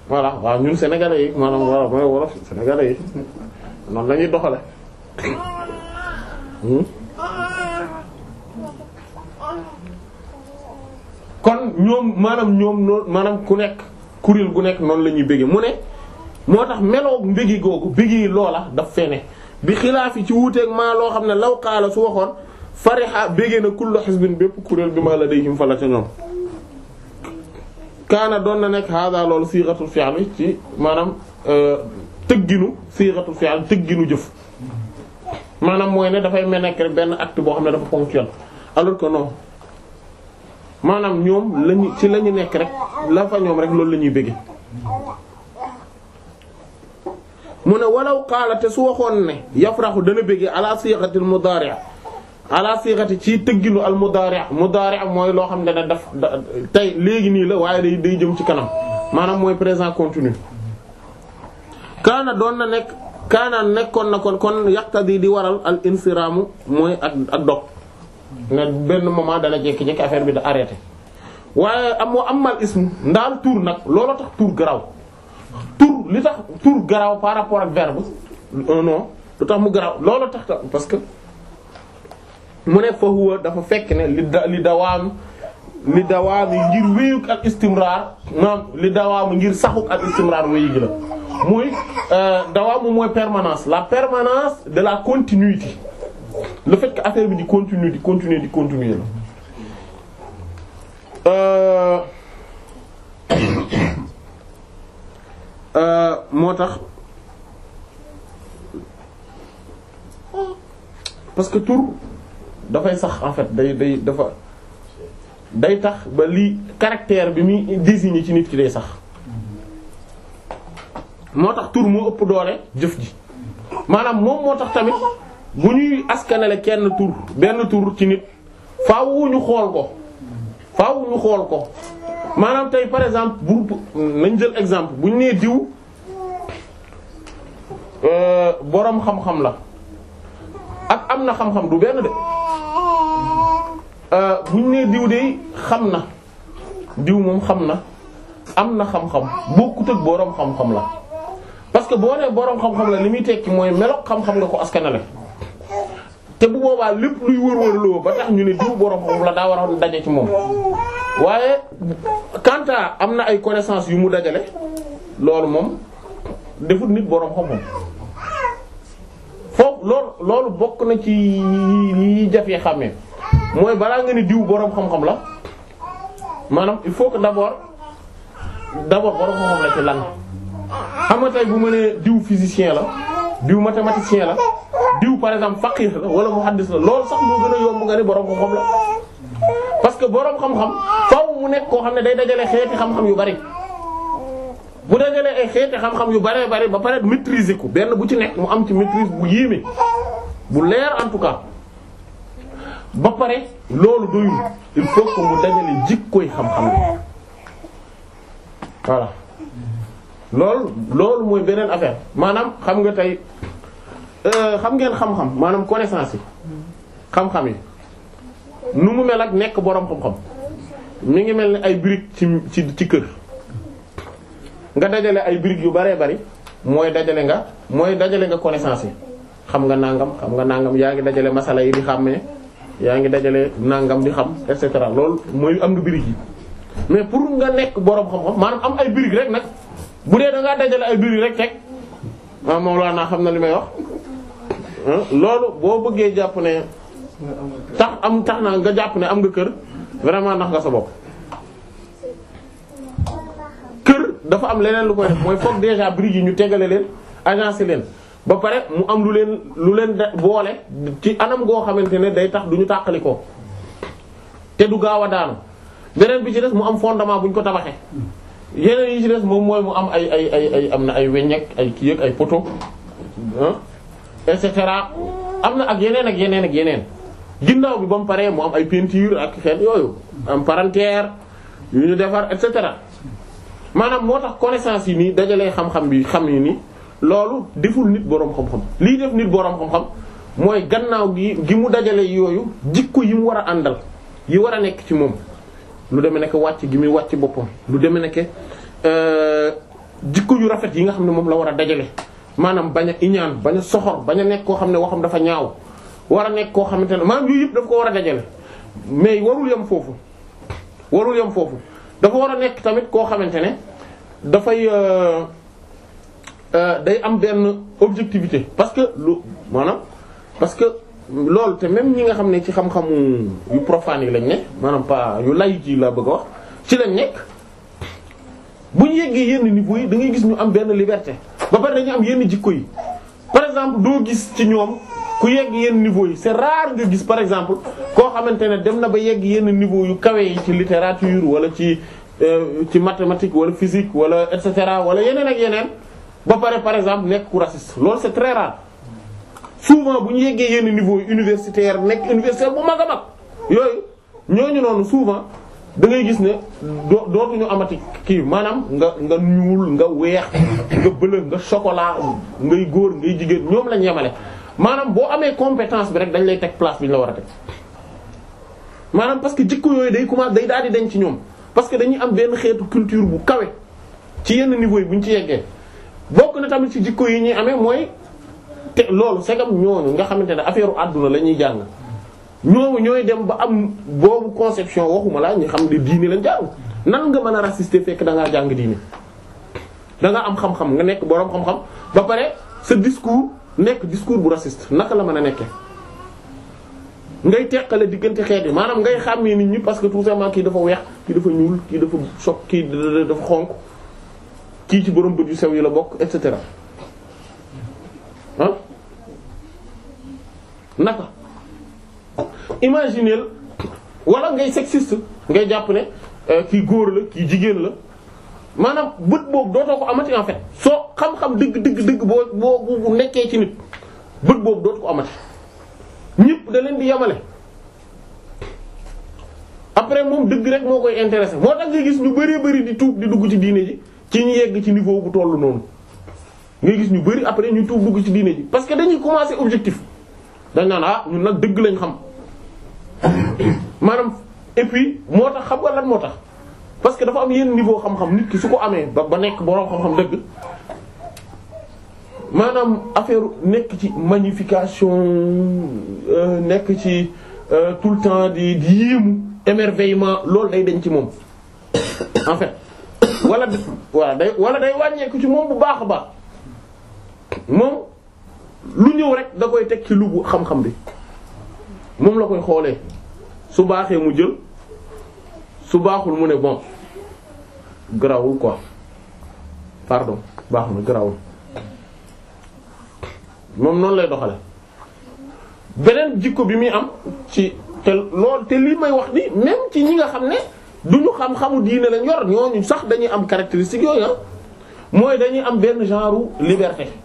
voilà waaw mooy wolof sénégalais yi noonu lañuy doxale hmm? kon ñoom maanaam ñoom noonu maanaam ku nekk kuréel gu nekk noonu lañuy ñuy bëggee mu ne moo tax meloog mbëggi googu bëggi loola daf fene bi xilaaf yi ci wuuteeg maa loo xam ne law xaala su waxoon fariha bëggee na kullu xisbin bépp kuréel bi ma la day him fala ca ñoom kaana doon na nekk hada loolu siixatul ci maanaam euh, tëgginu siixatu fi'l tëgginu jëf maanaam mooy ne dafay mel nekk rek benn acte boo xam ne dafa ponctuel alors que non maanaam ñoom lañu ci lañu nekk rek la fa ñoom rek loolu lañuy ñuy mu ne walaw qaala te su waxoon ne yafraxu dana bëgg ala siixatil mudaari' ala siixati ci tëgginu al mudaari' mudaari' mooy loo xam ne daf tey léegi nii la waaye day day jëm ci kanam maanaam mooy présent continu kaana doon na nekk kaana nekkoon na kon kon yaqtadi di waral al insiraamu mooy ak ak dog ne benn moment dana jékki-jékki affaire bi da arrêté waaye am moo amal ismu ndaal tur nag looloo tax tur garaaw tur li tax tur garaaw par rapport ak verbe non lu tax mu garaaw looloo tax tax parce que mu ne fa huwa dafa fekk ne li da li dawaam li dawaam ngir wéyuk ak istimraar maanaam li dawaam ngir saxuk ak istimraar wéyu la mooy euh, dawaamu mooy permanence la permanence de la continuité le fait affaire bi di continuer di continuer di continuer la euh, euh, moo tax parce que tur dafay sax en fait day day dafa day tax ba li caractère bi muy désigné ci nit ki day sax moo tax tur moo ëpp doole jëf ji maanaam moom moo tax tamit bu ñuy askanale kenn tur benn tur ci nit faaw ñu xool ko faaw xool ko maanaam tey par exemple bu nañ jël exemple bu ñu nee diw euh, boroom xam la ak am na xam-xam du benn de euh, bu nee diw de xam na diw moom xam na am na xam-xam bokkut ak boroom xam-xam la. que boo nee boroom xam-xam la li muy tekki mooy meloog xam-xam nga ko askanale te bu boobaa lépp luy wër-wër loo ba tax ñu ne diw boroom xam la daa war a daje ci moom waaye quant am na ay connaissances yu mu dajale loolu moom defut nit boroom xam-xam foofu loolu bokk na ci yi jafee xàmmee mooy balaa nga ni diw boroom xam-xam la maanaam il faut que d'abord d'abord boroom xam-xam la ci lan. xam nga bu ma nee diw physicien la diw mathématicien la diw par exemple faqih la wala muhaddis la loolu sax moo gën a mu nga ne borom xam-xam la. parce que borom xam-xam faaw mu nekk koo xam ne day dajale xeeti xam-xam yu bari bu dajalee ay xeeti xam-xam yu bari bari ba pare maîtriser ko benn bu ci nekk mu am ci maîtrise bu yéeme bu leer en tout cas. ba pare loolu doyul il faut que mu dajale jikkoy xam-xam la voilà. lool loolu mooy beneen affaire maanaam xam nga tey euh, xam ngeen xam-xam maanaam connaissance yi xam-xam yi nu mu mel ak nekk boroom xam-xam mi ngi mel ni ay briques ci ci ci kër nga dajale ay briques yu baree bari mooy dajale nga mooy dajale nga connaissance yi xam nga nangam xam nga nangam yaa ngi dajale masala yi di xàmmee yaa ngi dajale nangam di xam et cetera loolu mooy am nga briques yi mais pour nga nekk boroom xam-xam maanaam am ay briques rek nag bu dee da dajale ay mbir yi rek teg ah Mawlana xam na li may wax ah, loolu boo bëggee jàpp ne tax am tax na nga jàpp ne am nga kër vraiment nax nga sa bopp. kër dafa am leneen lu koy def mooy foog déjà briques yi ñu tegale leen agencé leen ba pare mu am lu leen lu leen boole ci anam goo xamante ne day tax du ñu tàqali ko te du gaaw a daanu beneen bi ci des mu am fondement buñ ko tabaxee. yeneen yi ci des moom mooy mu am ay ay ay ay am na ay weññeek ay kii ay poto et cetera am na ak yeneen ak yeneen ak yeneen ginnaaw bi ba mu paree mu am ay peinture ak xeet yooyu am parentière yu ñu defar et cetera maanaam moo tax connaissance yi nii dajalee xam-xam bi xam yi nii loolu deful nit boroom xam-xam lii def nit boroom xam-xam mooy gannaaw gi gi mu dajale yooyu jikko yi mu war a àndal yi war a nekk ci moom lu demee nekk wàcc gi muy wàcc boppam lu demee nekk euh, jikko yu rafet yi nga xam ne moom la war a dajale maanaam bañ a iñaan bañ a soxor bañ a nekk koo xam ne waxam dafa ñaaw war a nekk koo xamante ne maanaam yooyu yëpp daf ko war a dajale mais warul yem foofu warul yem foofu dafa war a nekk tamit koo xamante ne dafay euh, euh, day am benn objectivité parce que lu maanaam parce loolu te même ñi nga xam ne ci xam-xamu yu profane yi lañ ne maanaam pas yu lay ji laa bëgg a wax ci lañ nekk buñ yëggee yeggee yenn niveau yi da ngay gis ñu am benn liberté ba pare dañu am yenn jikko yi par exemple doo gis ci ñoom ku yegg yenn niveau yi c'est rare nga gis par exemple koo xamante ne dem na ba yegg yenn niveau yu kawee yi ci littérature wala ci euh, ci mathématique wala physique wala et cetera wala yeneen ak yeneen ba pare par exemple nekk ku raciste loolu c'est très souvent bu ñu yeggee yenn niveau universitaire nekk universitaire bu mag a mag yooyu ñooñu noonu souvent da ngay gis ne doo dootuñu amati kii maanaam nga nga ñuul nga weex nga bële nga chocolat ngay góor ngay jigéen ñoom lañ yemale maanaam boo amee compétence bi rek dañ lay teg place bi ñu la war a teg maanaam parce que jikko yooyu day commencer day daal di dañ ci ñoom parce que dañuy am benn xeetu culture bu kawe ci yenn niveau yi bu ñu ci yeggee bokk na tamit ci jikko yi ñuy amee mooy te loolu segam ñooñu nga xamante ne affaire àdduna la ñuy jàng ñoo ñooy dem ba am boobu conception waxuma laa ñu xam ne diini lañ jàng nan nga mën a rassister fekk da ngaa jàng diini da am xam-xam nga nekk boroom xam-xam ba pare sa discours nekk discours bu raciste naka la mën a nekkee ngay teqale diggante xeet yi maanaam ngay xàmmee nit ñi parce que tout kii dafa weex kii dafa ñuul kii dafa choc kii dafa xonk kii ci borom bët yu sew yi la bokk et cetera. ah naka imagineel wala ngay sexiste ngay jàpp ne euh, kii góor la kii jigéen la maanaam bët boobu dootoo ko amati en fait soo xam-xam dëgg dëgg dëgg boo boo bu nekkee ci nit bët boobu dootu ko amati ñépp da leen di yamale après moom dëgg rek moo koy intéressé moo tax nga gis ñu baree bëri di tuub di dugg ci diine ji ci ñu yegg ci niveau bu tollu noonu ngay gis ñu bëri après ñu tuub dugg ci diine ji parce que dañuy commencer objectif dañ naan ah ñun nag dëgg lañ xam maanaam et puis moo tax xam nga lan moo tax parce que dafa am yenn niveau xam nit ki su ko amee ba ba nekk boroom xam-xam dëgg affaire nekk ci magnification euh, nekk ci euh, tout le temps di di yéemu émerveillement loolu day dañ ci moom wala voilà wala day wàññeeku ci moom bu baax a baax. moom lu ñëw rek da koy teg ci lu xam-xam bi moom la koy xoolee su baaxee mu jël su baaxul mu ne bon grawul ko pardon baax na grawul moom noonu lay doxale beneen jikko bi muy am ci te lool te lii may wax ni même ci ñi nga xam ne duñu xam-xamu diine lañ yor ñu sax dañuy am caractéristique yooyu ah. mooy dañuy am benn genre liberté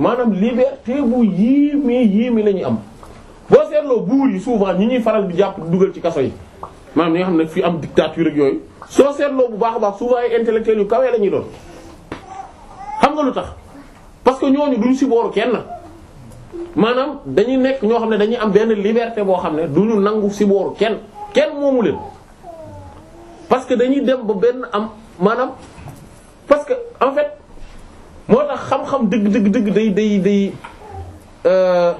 maanaam liberté bu yéemee yéeme la ñuy am boo seetloo buur yi souvent ñi ñuy faral di jàpp dugal ci kaso yi maanaam ñi xam ne fii am dictature yooyu soo seetloo bu baax a baax souvent ay intellectuels yu kawee la ñuy doon xam nga lu tax parce que ñooñu duñ si booru kenn maanaam dañuy nekk ñoo xam ne dañuy am benn liberté boo xam ne duñu nangu si booru kenn kenn moomu leen parce que dañuy dem ba benn am maanaam parce que en fait moo tax xam-xam dëgg dëgg day day day euh,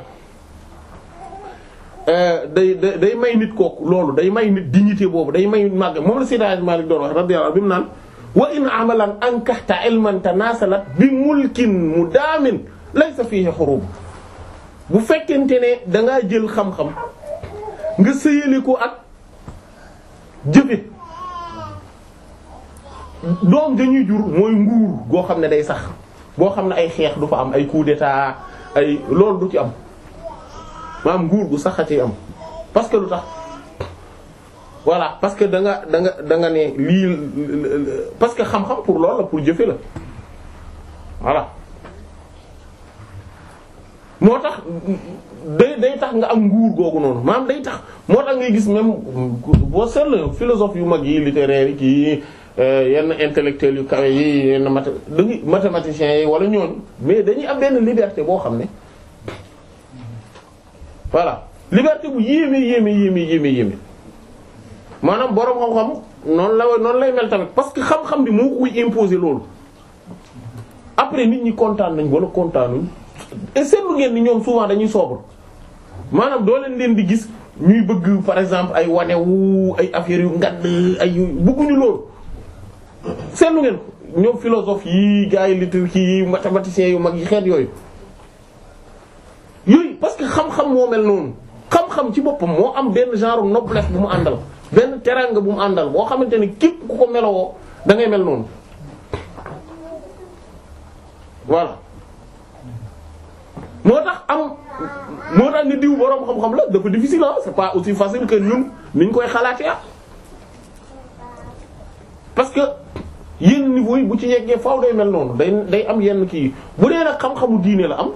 euh, day day day may nit kooku loolu day may nit dignité boobu day may màgg moom la Seydina Malik doon wax radiyallahu bi mu naan wa in amalan ankahta ilman bi mulkin mudamin laysa fihi xurub fekkente ne dangaa jël xam nga sëyali ko ak jëfe doom dañuy jur mooy nguur goo xam ne day sax boo xam ne ay xeex du fa am ay coup ay loolu du ci am maanaam nguur gu sax a ci am parce que lu tax voilà parce que da nga da da nga ne lii parce que xam-xam pour loolu la pour jëfe la voilà moo tax day day tax nga am nguur googu noonu maam day tax moo tax ngay gis même boo seetlu philosophe yu mag yi littéraire yi Euh, yenn intellectuels yu kawe yi yenn mathé mathématiciens yi wala ñooñu mais dañuy am benn liberté boo xam ne voilà liberté bu yéeme yéeme yéeme yéeme yéeme maanaam boroom xam-xam noonu la noonu lay mel tamit parce que xam-xam bi moo koy imposer loolu après nit ñi kontaan nañ wala kontaanuñ et seetlu ngeen ni ñoom souvent dañuy sobre maanaam doo leen leen di gis ñuy bëgg par exemple ay wanewu ay affaires yu ngadd ay bugguñu bëgguñu loolu seetlu ngeen ko ñoom philosophe yi gars yi liturgie yi mathématiciens yu mag yi xeet yooyu yooyu parce que xam-xam moo mel noonu xam-xam ci boppam moo am benn genre noblesse bu mu àndal benn teranga bu mu àndal boo xamante ni képp ku ko melowoo dangay mel noonu voilà moo tax am moo tax ni diw boroom xam-xam la dafa difficile ah c'est pas aussi facile que ñun niñ koy xalaatee ah yenn niveau yi bu ci yeggee faaw day mel noonu day day am yenn kii bu dee nag xam-xamu diine la am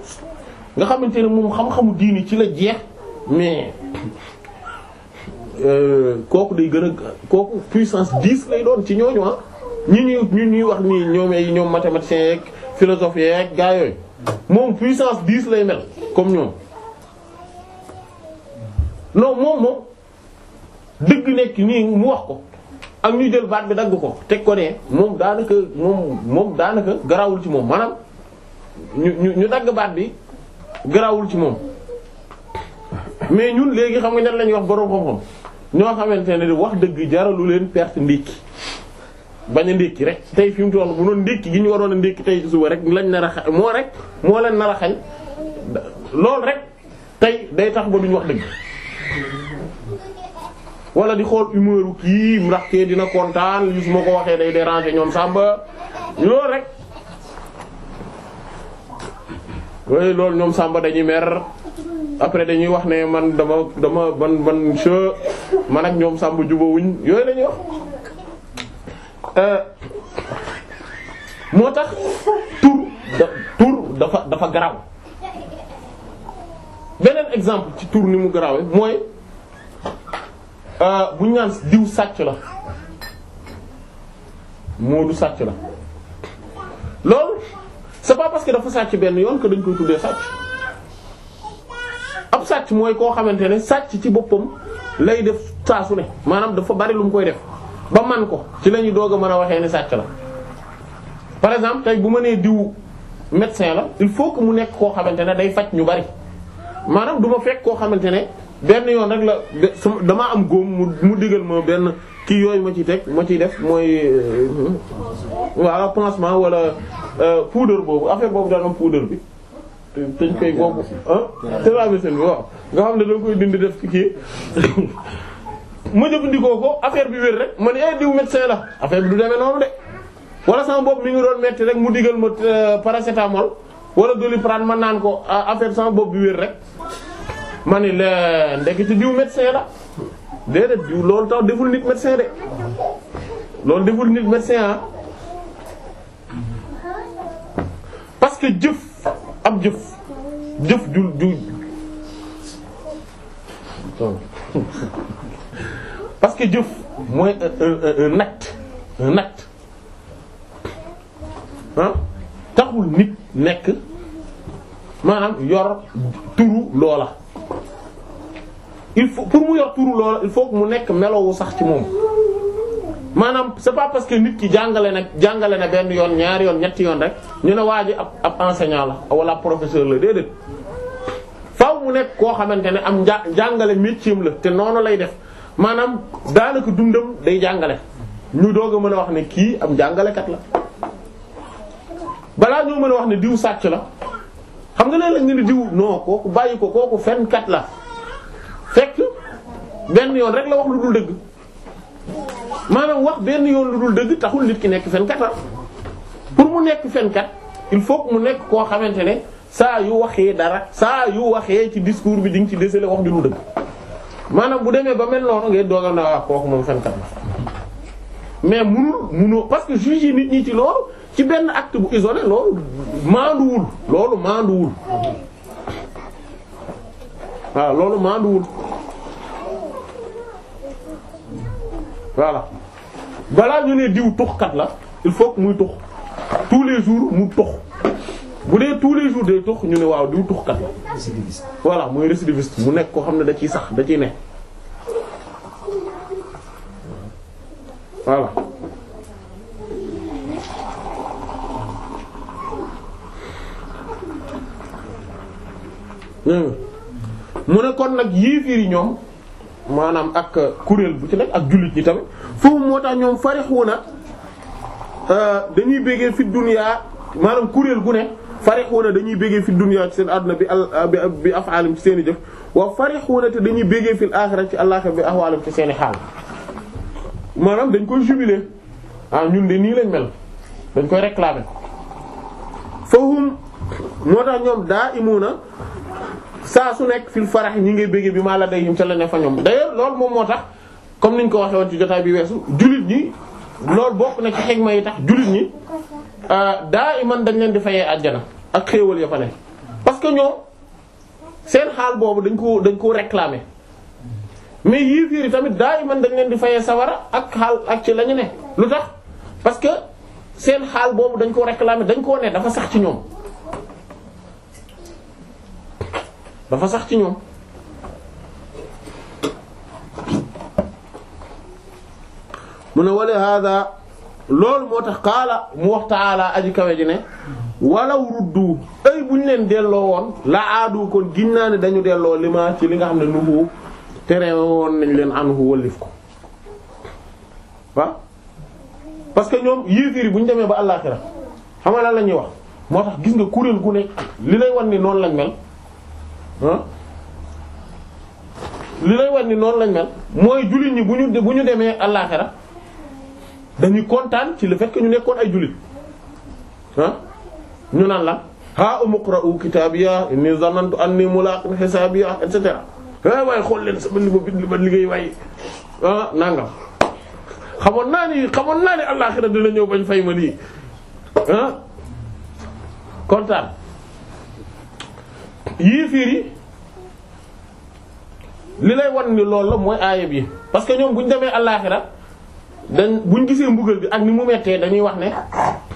nga xamante ne moom xam-xamu ci la jeex mais euh, kooku day gën a kooku puissance 10 lay ci ñooñu ah ñuy ñu ñuy wax nii ñoom ay ñoom mathématiciens yeeg philosophes yeeg gaa yooyu moom puissance 10 lay mel comme ñoom non moom moom dëgg nekk nii mu wax ko. ak ñu jël baat bi dagg ko teg ko ne moom daanaka moom moom daanaka garaawul ci moom maanaam ñu ñu dagg baat bi garaawul ci moom mais ñun léegi xam nga ñan lañuy wax boroom xam-xam ñoo xamante ne wax dëgg jaralu leen perte ndékki bañ a ndékki rek tey fi mu toll bu noon ndékki gi ñu waroon a ndékki tey suba rek lañ nar xa moo rek moo leen nar a xañ loolu rek tey day tax ba duñ wax dëgg wala di xool humeur u kii ndax kii dina kontaan li su ma ko waxee day déranger ñoom sàmba loolu rek oui loolu ñoom sàmba dañuy mer après dañuy wax ne man dama dama ban ban che man ak ñoom sàmba jubawuñ yooyu dañuy wax euh, moo tax tur tur dafa dafa garaaw beneen exemple ci tur ni mu garaawee mooy Euh, bu ñu naan diw sàcc la Moodu sàcc la loolu c'est pas parce que dafa sàcc benn yoon ko dañ koy tuddee sàcc ab sàcc mooy koo xamante ne sàcc ci boppam lay def saa ne maanaam dafa bari lu mu koy def ba man ko ci lañuy ñuy doog a mën a waxee ne sàcc la par exemple tey bu ma nee diw médecin la il faut que mu nekk koo xamante ne day faj ñu bari maanaam du fekk koo xamante ne. benn yoon nag la damaa am góom mu digal ma benn kii yooyu ma ciy teg ma ciy def mooy euh, waaw pansement wala euh, poudre boobu affaire boobu daan am poudre bi dañ koy boobu téramicine bi waaw nga xam ne da koy dindi def ci kii ma jëfandikoo ko affaire bi wér rek ma ne ay eh, diw médecin la affaire bi du demee noonu de wala sama bopp mi ñu doon metti rek mu digal ma euh, paracétamol wala doliprane ma naan ko ah, affaire sama boobu bi wér rek ma ni la ndekete diw médecin la déedéet diw loolu tax deful nit médecin de loolu deful nit médecin ah parce que jëf ab jëf jëf ju ju parce que jëf mooy un acte taxul nit nekk maanaam yor turu loola il faut pour mu yor turu loola il faut mu nekk melowu sax ci moom maanaam c'est pas parce que nit ki jàngale na jàngale na benn yoon ñaari yoon ñetti yoon rek ñu ne waa ab ab enseignant la wala professeur la déedéet faaw mu nekk koo xamante ne am njà jàngale métier la te noonu lay def maanaam daanaka dundam day jàngale ñu doog a mën a wax ne kii am jàngalekat la balaa ñoo mën a wax ne diw sàcc la xam nga léeg-léeg nga ne diw non kooku bàyyi ko kooku fenkat la. benn yoon rek la wax lu dul dëgg maanaam wax benn yoon lu dul dëgg taxul nit ki nekk fenkat ah pour mu nekk fenkat il faut mu nekk koo xamante ne saa yu waxee dara saa yu waxee ci discours bi di ci déceler wax ju dul dëgg maanaam bu demee ba mel noonu ngay doogal na ah, waa kooku moom fenkat la mais munul munoo parce que juger nit ñi ci loolu ci benn acte bu isolé loolu maanduwul loolu maanduwul waaw loolu maanduwul voilà balaa ñu ne diw tuxkat la il faut muy tux tous les jours mu tux bu dee tous les jours day tux ñu ne waaw diw tuxkat la. récidiviste voilà mooy récidiviste mu nekk koo xam ne da ciy sax da ciy ne voilà. Hmm. mu ne kon nag yéefir yi ñoom maanaam ak kuréel bu ci nekk ak jullit ñi tamit foofu moo tax ñoom farixuuna euh, dañuy béggee fi duniyaa maanaam kuréel gu ne farixuuna dañuy béggee fi duniyaa ci seen àdduna bi al bi afaalim ci seen i jëf waaw farixuuna te dañuy béggee fil aaxira ci àllaaxira bi ahwaalim ci seen i xaal maanaam dañ koy jubilé ah ñun de nii lañ mel dañ koy réclamer fahum moo tax ñoom daa imuuna saa su nekk fil farax ñu ngay béggee bi maa la day yim ca la ne fa ñoom d'ailleurs loolu moom moo tax comme niñ ko waxee woon ci jotaay bi weesu jullit ñi loolu bokk na ci ma yi tax jullit ñi euh, daa iman dañ leen di fayee àjjana ak xéewal ya fa parce que ñoom seen xaal boobu dañ ko dañ koo réclamer mais yii fiir tamit daa iman dañ leen di fayee sawara ak xaal ak ci la ñu ne lu tax parce que seen xaal boobu dañ koo réclamer dañ koo ne dafa sax ci ñoom dafa sax ci ñoom mu ne wali hada loolu moo tax xaala mu wax taala aji kawe ji ne walaw ruddu ay bu ñu leen delloo woon la aadu kon giñ naa ne dañu delloo li ma ci li nga xam ne nuhu tere woon nañ leen anhu wallif ko waaw parce que ñoom yéeféer yi bu ñu demee ba àllaaxira xam nga lan la ñuy wax moo tax gis nga kuréel gu ne li lay wan ni noonu lañ mel li lay wax ni noonu lañ mel mooy jullit ñi bu ñu bu ñu demee àllaaxira dañuy kontaan ci le fekk ñu nekkoon ay jullit ñu naan la ha umqra'u kitaabiya inni zanantu anni mulaqin hisabiya et cetera eh, waaye xool leen sama ma bind ma liggéey waaye ah xamoon naa ni xamoon naa ni àllaaxira dina ñëw bañ fay ma lii ah kontaan. yéeféer yi li lay wan ni lool la mooy aayab yi parce que ñoom bu ñu demee àllaaxira dañ buñ ñu gisee mbugal bi ak ni mu mettee dañuy wax ne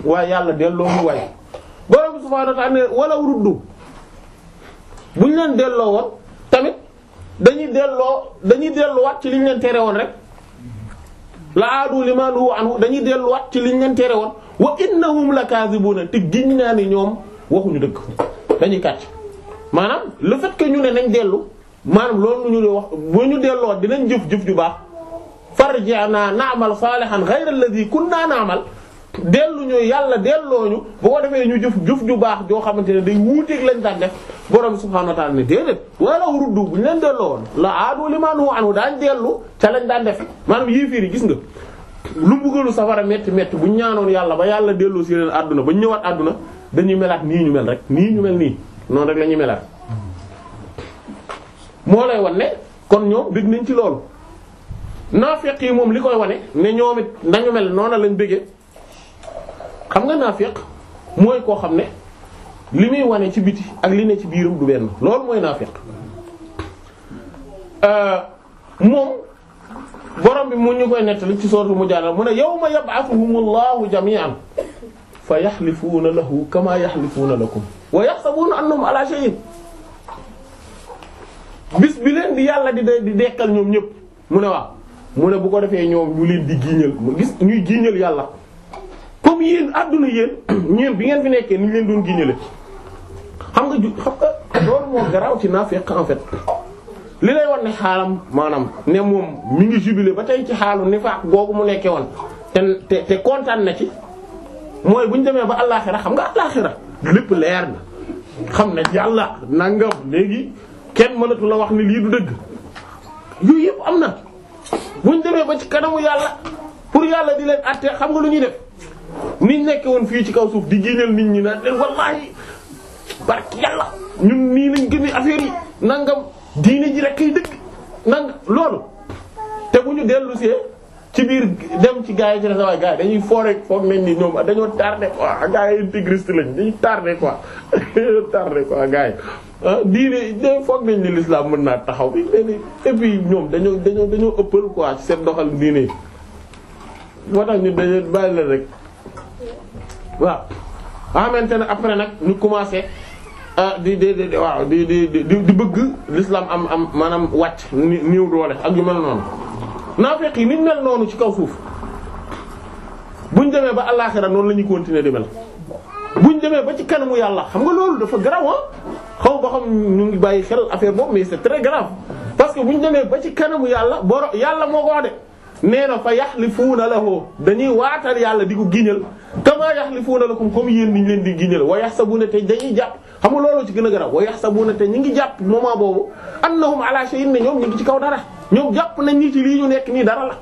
waaye yàlla delloo mu waay borom bi subhaanahu wa ne wala ruddu bu ñu leen delloo woon tamit dañuy delloo dañuy delluwaat ci li ñu leen tere woon rek la aadu limaa nuhuu anhu dañuy delluwaat ci li ñu leen tere woon wa innahum lakaazibuna te giñ naa ni ñoom waxuñu dëgg dañuy kàcc. maanaam lu fait ñu ne nañ dellu maanaam loolu ñu wax bu ñu delloo dinañ jëf jëf ju baax farji'na na'mal salihan ghayra alladhi kunna la dellu ñu yàlla delloo ñu bu ko defee ñu jëf jëf ju baax joo xamante ne day wuuteeg lañ daan def borom subhaanahu wa ta'ala ne déedéet wala ruddu la aadu limaanu anu dellu ca lañ daan def maanaam yii fiiri gis nga lu mbugalu safara métti métti bu ñu ñaanoon yàlla ba yàlla delloo si leen àdduna ba ñu ñëwaat àdduna dañuy melaat nii ñu mel rek nii ñu mel nii noonu rek la ñuy ah. moo lay wan kon ñoom bëgg nañ ci loolu naafeq yi moom li koy wane ne ñoom it nañu mel noona lañ bëggee xam nga naafeq mooy koo xam ne li muy wane ci biti ak li ne ci biiram du benn loolu mooy naafeq euh, moom borom bi mu ñu koy nettali ci sooratu Mujaadala mu ne yawma yab'athuhumullahu jami'an fa yahlifuuna lahu ko wa yahsabuna annahum ala shay'in bis bi leen di yàlla di di dekkal ñoom ñëpp mu ne wax mu ne bu ko defee ñoom ñu leen di giiñal gis ñuy giiñal yàlla comme yéen àdduna yéen ñeen bi ngeen fi nekkee ni leen doon giiñale xam nga ju xam nga loolu moo garaaw ci naafeq en fait li lay wan ne xaalam maanaam ne moom mi ngi jubilé ba tey ci xaalu nifaaq googu mu nekkee woon te te kontaan na ci mooy bu ñu demee ba àllaaxira xam nga àllaaxira lépp leer na xam na yàlla nangam léegi kenn mënatu la wax ni lii du dëgg yooyu yëpp am na buñ demee ba ci kanamu yàlla pour yàlla di leen àttee xam nga lu ñuy def niñ nekke woon fii ci kaw suuf di génneel nit ñi naan leen wallaahi barki yàlla ñun nii lañ gën a affaire yi nangam diine ji rek kay dëgg nang loolu te bu ñu dellusee ci biir dem ci gars yi ci des waaye gars yi dañuy foore foog nañ ni ñoom dañoo tardé quoi gars yi intégriste lañ dañuy tardé quoi tardé quoi gars yi. Ah, diine de foog nañ ni l'islam mën naa taxaw bi mais et puis ñoom dañoo dañoo dañoo ëppal koi ci seen doxal diine yi moo tax ñu dañoo bàyyi la rek waaw. xamante ne après nag ñu commencé ah di di waaw di di di bëgg lislaam am am maanaam wàcc niiw doole ak yu mel noonu. naafeq yi niñ mel noonu ci kaw bu buñ demee ba àllaaxira noonu la ñuy continuer di bu ñu demee ba ci kanamu yàlla xam nga loolu dafa grave ah xaw ba xam ñu ngi bàyyi xel affaire boobu mais c'est très grave parce que buñ demee ba ci kanamu yàlla boro yàlla moo ko wax de nee na fa yaxlifuuna lahu dañuy waatal yàlla di ko giñal kama yaxlifuuna lakum comme yéen niñ leen di giñal wa yaxsabuuna te dañuy jàpp xam loolu looloo ci gën a garaaw wa yahsabuna te ñu ngi jàpp moment boobu annahum ala shay'in ne ñoom ñu ngi ci kaw dara ñoom jàpp nañ ni ci lii ñu nekk nii dara la.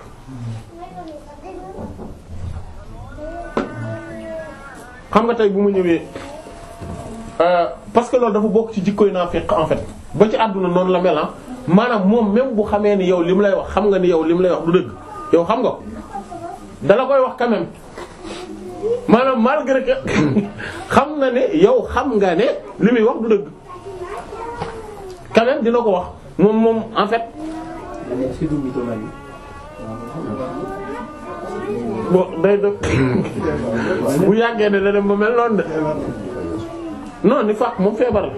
xam nga tey bu ma ñëwee euh, parce que loolu dafa bokk ci jikkoy naafiq en fait ba ci àdduna noonu la mel ah. maanaam moom mem bu xamee ni yow li mu lay wax xam nga ni yow li mu lay wax du dëgg yow xam nga dala koy wax quand maanaam malgré que xam na ne yow xam nga ne li muy wax du dëgg quand même dina ko wax moom moom en fait. bon day dëkk bu yàggee ne da dem ba mel noonu de non ni fàq moom feebar la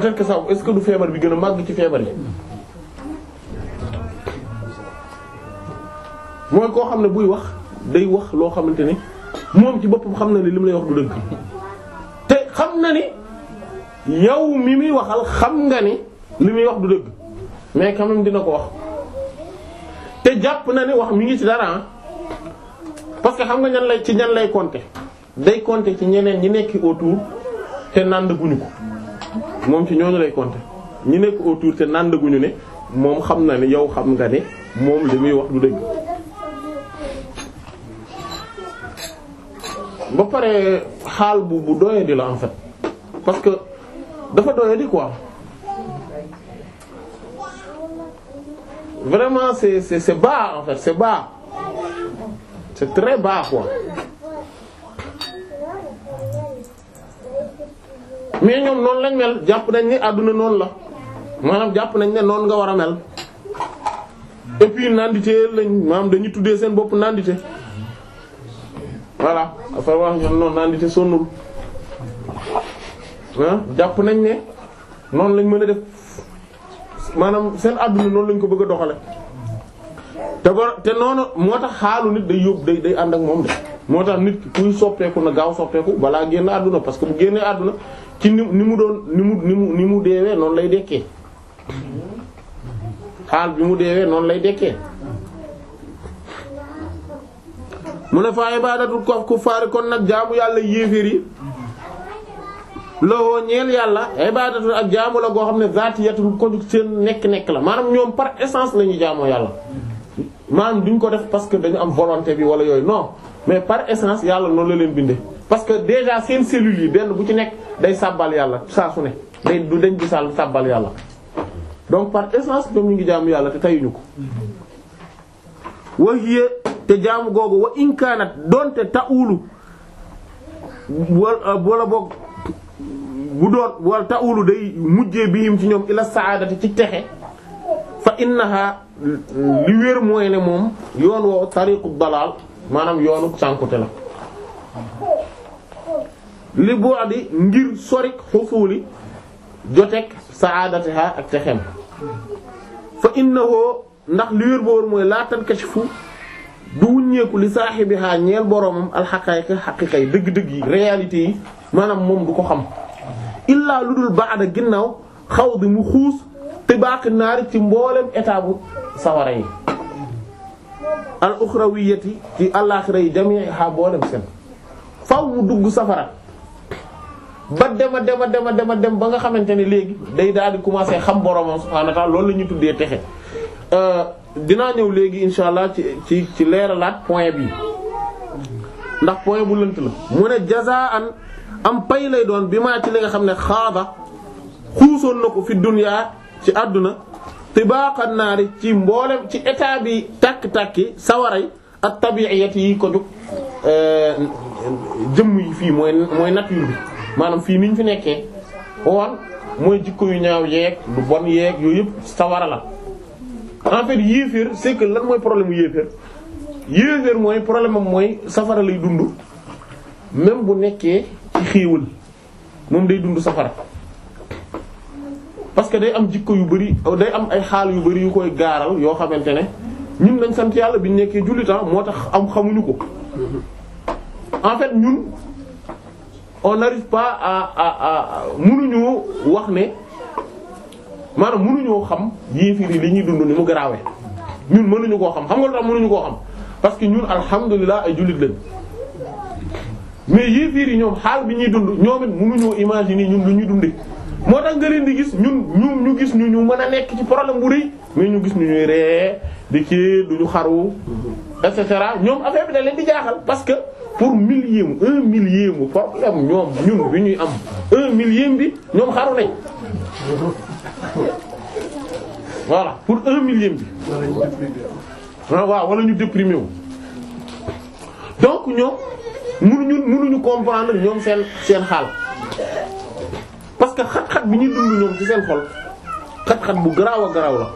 peut-être que sax est-ce que du feebar bi gën a màgg ci feebar yi. mooy koo xam ne buy wax. day wax loo xamante ni moom ci bopp xam na ni li mu lay wax du dëgg te xam na ni yow mi muy waxal xam nga ni li muy wax du dëgg mais quand même dina ko wax te jàpp na ni wax mi ngi si dara ah. parce que xam nga ñan lay ci ñan lay conté day compter ci ñeneen ñi nekk autour te nàndaguñu ko moom ci ñooñu lay compter ñi nekk autour te nàndaguñu ne moom xam na ne yow xam nga ne moom li muy wax du dëgg. ba pare xaal bu bu di la en fait parce que dafa doyadi quoi vraiment c'est c'est c'est bas en fait c'est bas c'est très bas mais ñoom noonu lañ mel jàpp nañ ni àdduna noonu la maanaam jàpp nañ ne noonu nga war a mel et puis nandité lañ maam dañuy tuddee seen bopp nandité voilà affaire wax ñun noonu naan te sonnul jàpp nañ ne noonu lañ mën a def maanaam seen àdduna noonu lañ ko bëgg a doxale te ba te noonu moo tax xaalu nit day yóbbu day day ànd ak moom de moo tax nit ki kuy soppeeku na gaaw soppeeku balaa génn àdduna parce que bu génnee àdduna ci ni ni mu doon ni mu ni mu ni mu deewee noonu lay dekkee xaal bi mu deewee noonu lay dekkee. mu ne fa ibaadatul kuffaar kon nag jaamu yàlla yéeféer yi loxo ñeel yàlla ibaadatul ak jaamu la goo xam ne zaatiyatul ko seen nekk-nekk la maanaam ñoom par essence la ñuy jaamoo yàlla maanaam duñ ko def parce que dañu am volonté bi wala yooyu non mais par essence yàlla noonu la leen bindee parce que déjà seen cellules yi benn bu ci nekk day sàbbal yàlla saa su ne day du dañ di sàll sàbbal yàlla donc par essence ñoom ñu ngi jaamu yàlla te ñu ko wa hiya te jaamu googu wa inkaanat donte ta'ulu ah, wala boog bu doon wala ta'ulu day mujjee bihim ci ñoom ila saadati ci texe fa innaha li wér mooy ne moom yoon woowu tariqu dalaal maanaam yoonu sànkute la li bu adi ngir sorik xusuuli jotek saadatiha ak texem fa innahu ndax li wér boor mooy laa tankashifu du wuññeeku li saaxibihaa ñeel boromam alxaqaayiqa xaqiqa yi dëgg-dëgg yi réalité yi maanaam moom du ko xam illaa lu dul baada ginnaaw xaw bi mu xuus te baaqi naari ci mboolem état bu sawara yi al uxrawiyati ci àllaaxira yi jamiiha boolem seen faw mu dugg safara ba dema dema dema dema dem ba nga xamante ni léegi day daal di commencer xam boromam subhaanahu wa ta'aala loolu la ñuy tuddee texe Euh, dinaa ñëw léegi insha allah ci ci ci leeralaat point bi ndax point bu lënt la mu ne jazaan am pay lay doon bi maa ci li nga xam ne xaaba xuusoon na ko fi duniyaa ci àdduna tibaaxan naari ci mboolem ci état bi tàkk-tàkki sawaray ak tabiyat yi ko dug euh, jëmm yi fii mooy mooy nature bi maanaam fii niñ fi nekkee woon mooy jikko yu ñaaw yeeg du bon yeeg yooyu yëpp sawara la en fait yéeféer c'est que lan mooy problème mu yéeféer yéeféer mooy problème am mooy safara lay dund même bu nekkee ci xéewal moom day dund safara parce que day am jikko yu bari day am ay xaal yu bari yu koy gaaral yoo xamante ne ñun dañ sant yàlla bi nekkee jullit ah, moo tax am xamuñu ko en fait ñun on n'arrive pas à wax ne maanaam mënuñoo xam yéefir yi li ñuy dund ni mu garaawee ñun mënuñu koo xam xam nga lu tax mënuñu koo xam parce que ñun alhamdulilah ay jullit lañ mais yéefir yi ñoom xaal bi ñuy dund ñoom it mënuñoo imaginer ñun lu ñuy dundee. moo tax nga leen di gis ñun ñun ñu gis ñu ñu mën a nekk ci problème bu rëy mais ñu gis ñu ñuy ree di kii duñu xaru et cetera ñoom affaire bi da leen jaaxal parce que pour millième un millième problème ñoom ñun bi ñuy am un millième bi ñoom xaru nañ. voilà pour un millième bi. waaw wala ñu déprimer wu. donc ñoom mënuñu mënuñu comprendre ñoom seen seen xaal parce que xat-xat bi ñuy dund ñoom ci seen xol xat-xat bu garaaw a garaaw la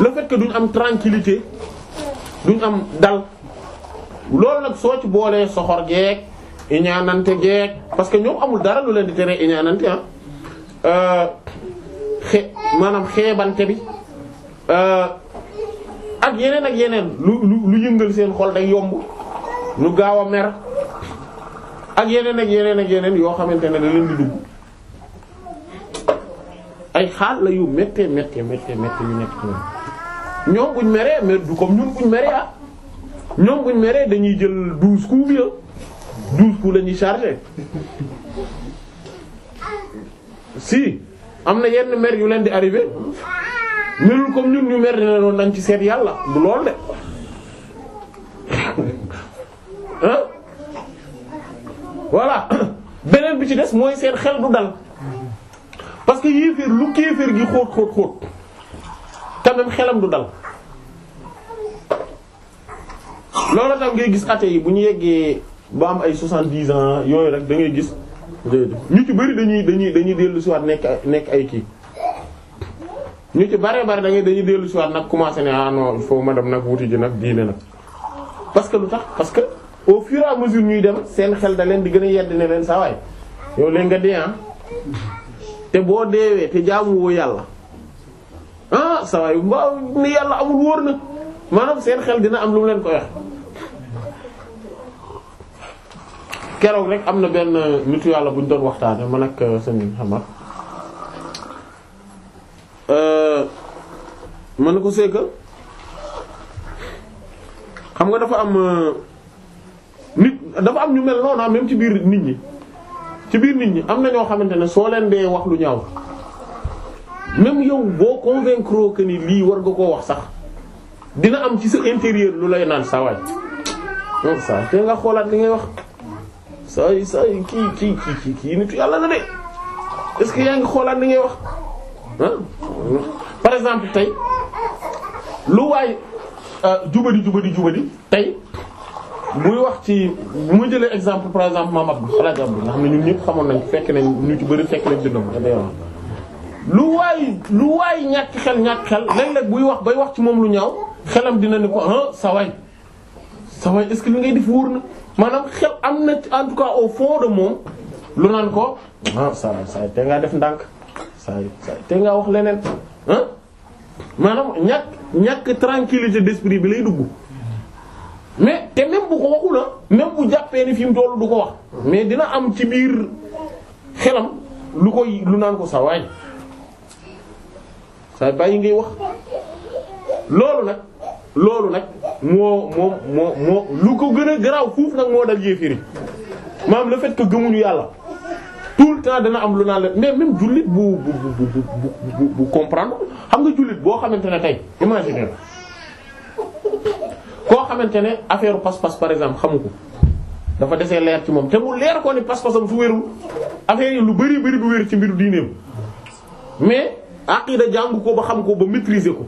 le fait duñ am tranquillité duñ am dal loolu nag soo ci boolee soxor geek iñaanante geek parce que ñoom amul dara lu leen di tere iñaanante ah. xe maanaam xeebante bi euh, ak yeneen ak yeneen lu lu yëngal seen xol day yomb nu gaaw a mer ak yeneen ak yeneen ak yeneen yoo xamante ne da leen di dugg ay xaal la yu méttee méttee méttee méttee yu nekk ci ñoom ñoom buñ meree mais du comme ñun buñ meree ah. ñoom buñ meree dañuy jël douze coups bi ah. douze coups la ñuy si am na yenn mer yu leen di arrivé melul comme ñun ñu mer dina nañ ci seet yàlla du lool de ah voilà beneen bi ci des mooy seen xel du dal parce que yéeféer lu kéeféer gi xóot xóot xóot tamit xelam du dal loolu tam ngay gis athée yi bu ñu yeggee ba am ay soixante-dix ans yooyu rek da gis ñu ci bëri dañuy dañuy dañuy dellu si waat nekk nekk ay kii ñu ci bare bare da dañuy dellu si waat nag commencé ne ah non foofu ma dem nag wuti ji nag diine nag parce que lu tax parce que au fur et à ñuy dem seen xel da leen di gën a yedd ne leen sawaay yow leen nga dee ah. te boo deewee te jaamuwoo yàlla ah saa waay mbaa yàlla amul wóor na maanaam seen xel dina am lu mu leen ko wax. keroog rek am na benn nitu yàlla bu ñu doon waxtaane man ak euh, sëñ Muhammad euh, mën na ko seega xam nga dafa am euh, nit dafa am ñu mel noonu ah, même ci biir nit ñi ci biir nit ñi am na ñoo xamante ne soo leen dee wax lu ñaaw même yow boo convaincre que ni lii war nga koo wax sax dina am ci sa intérieur lu lay naan saa waay. te nga xoolaat li ngay wax. saa yi saa yi kii kii kii kii nitu yàlla la de est-ce que yaa ngi xoolaat li ngay wax ah par exemple tey lu waay euh, jubadi jubadi jubadi tey muy wax ci bu ma jëlee exemple par exemple maam Abdou El Hadj Abdou nga xam ne ñun ñëpp xamoon nañ fekk nañ ñu ci bëri fekk nañ dundam lu waay lu waay ñàkk xel ñàkk xel léeg-léeg buy wax bay wax ci moom lu ñaaw xelam dina ne ko ah sa waay sa waay est-ce que li ngay def wóor na. maanaam xel am na en tout cas au fond de moom lu naan ko ah saa saa te ngaa def ndànk saa te ngaa wax leneen ah maanaam ñàkk ñàkk tranquillité d'esprit bi lay dugg mais te même bu ko waxu la même bu jàppee ni fi mu tollu du ko wax mais dina am ci biir xelam lu koy lu naan ko sa waay saa bàyyi ngay wax loolu nag. loolu nag moo moo moo moo lu ko gën a garaaw fuuf nag moo dal yéefiri maanaam le fait que gëmuñu yàlla tout le temps dana am lu naan la mais même jullit bu bu bu bu bu comprendre xam nga jullit boo xamante ne tey imaginer koo xamante ne affaire passe-passe par exemple xamu ko dafa desee leer ci moom te mu leer ko ni passe-passam su wérul affaire lu bari bari bu wér ci mbiru diineem mais aqida jàng ko ba xam ko ba maîtriser ko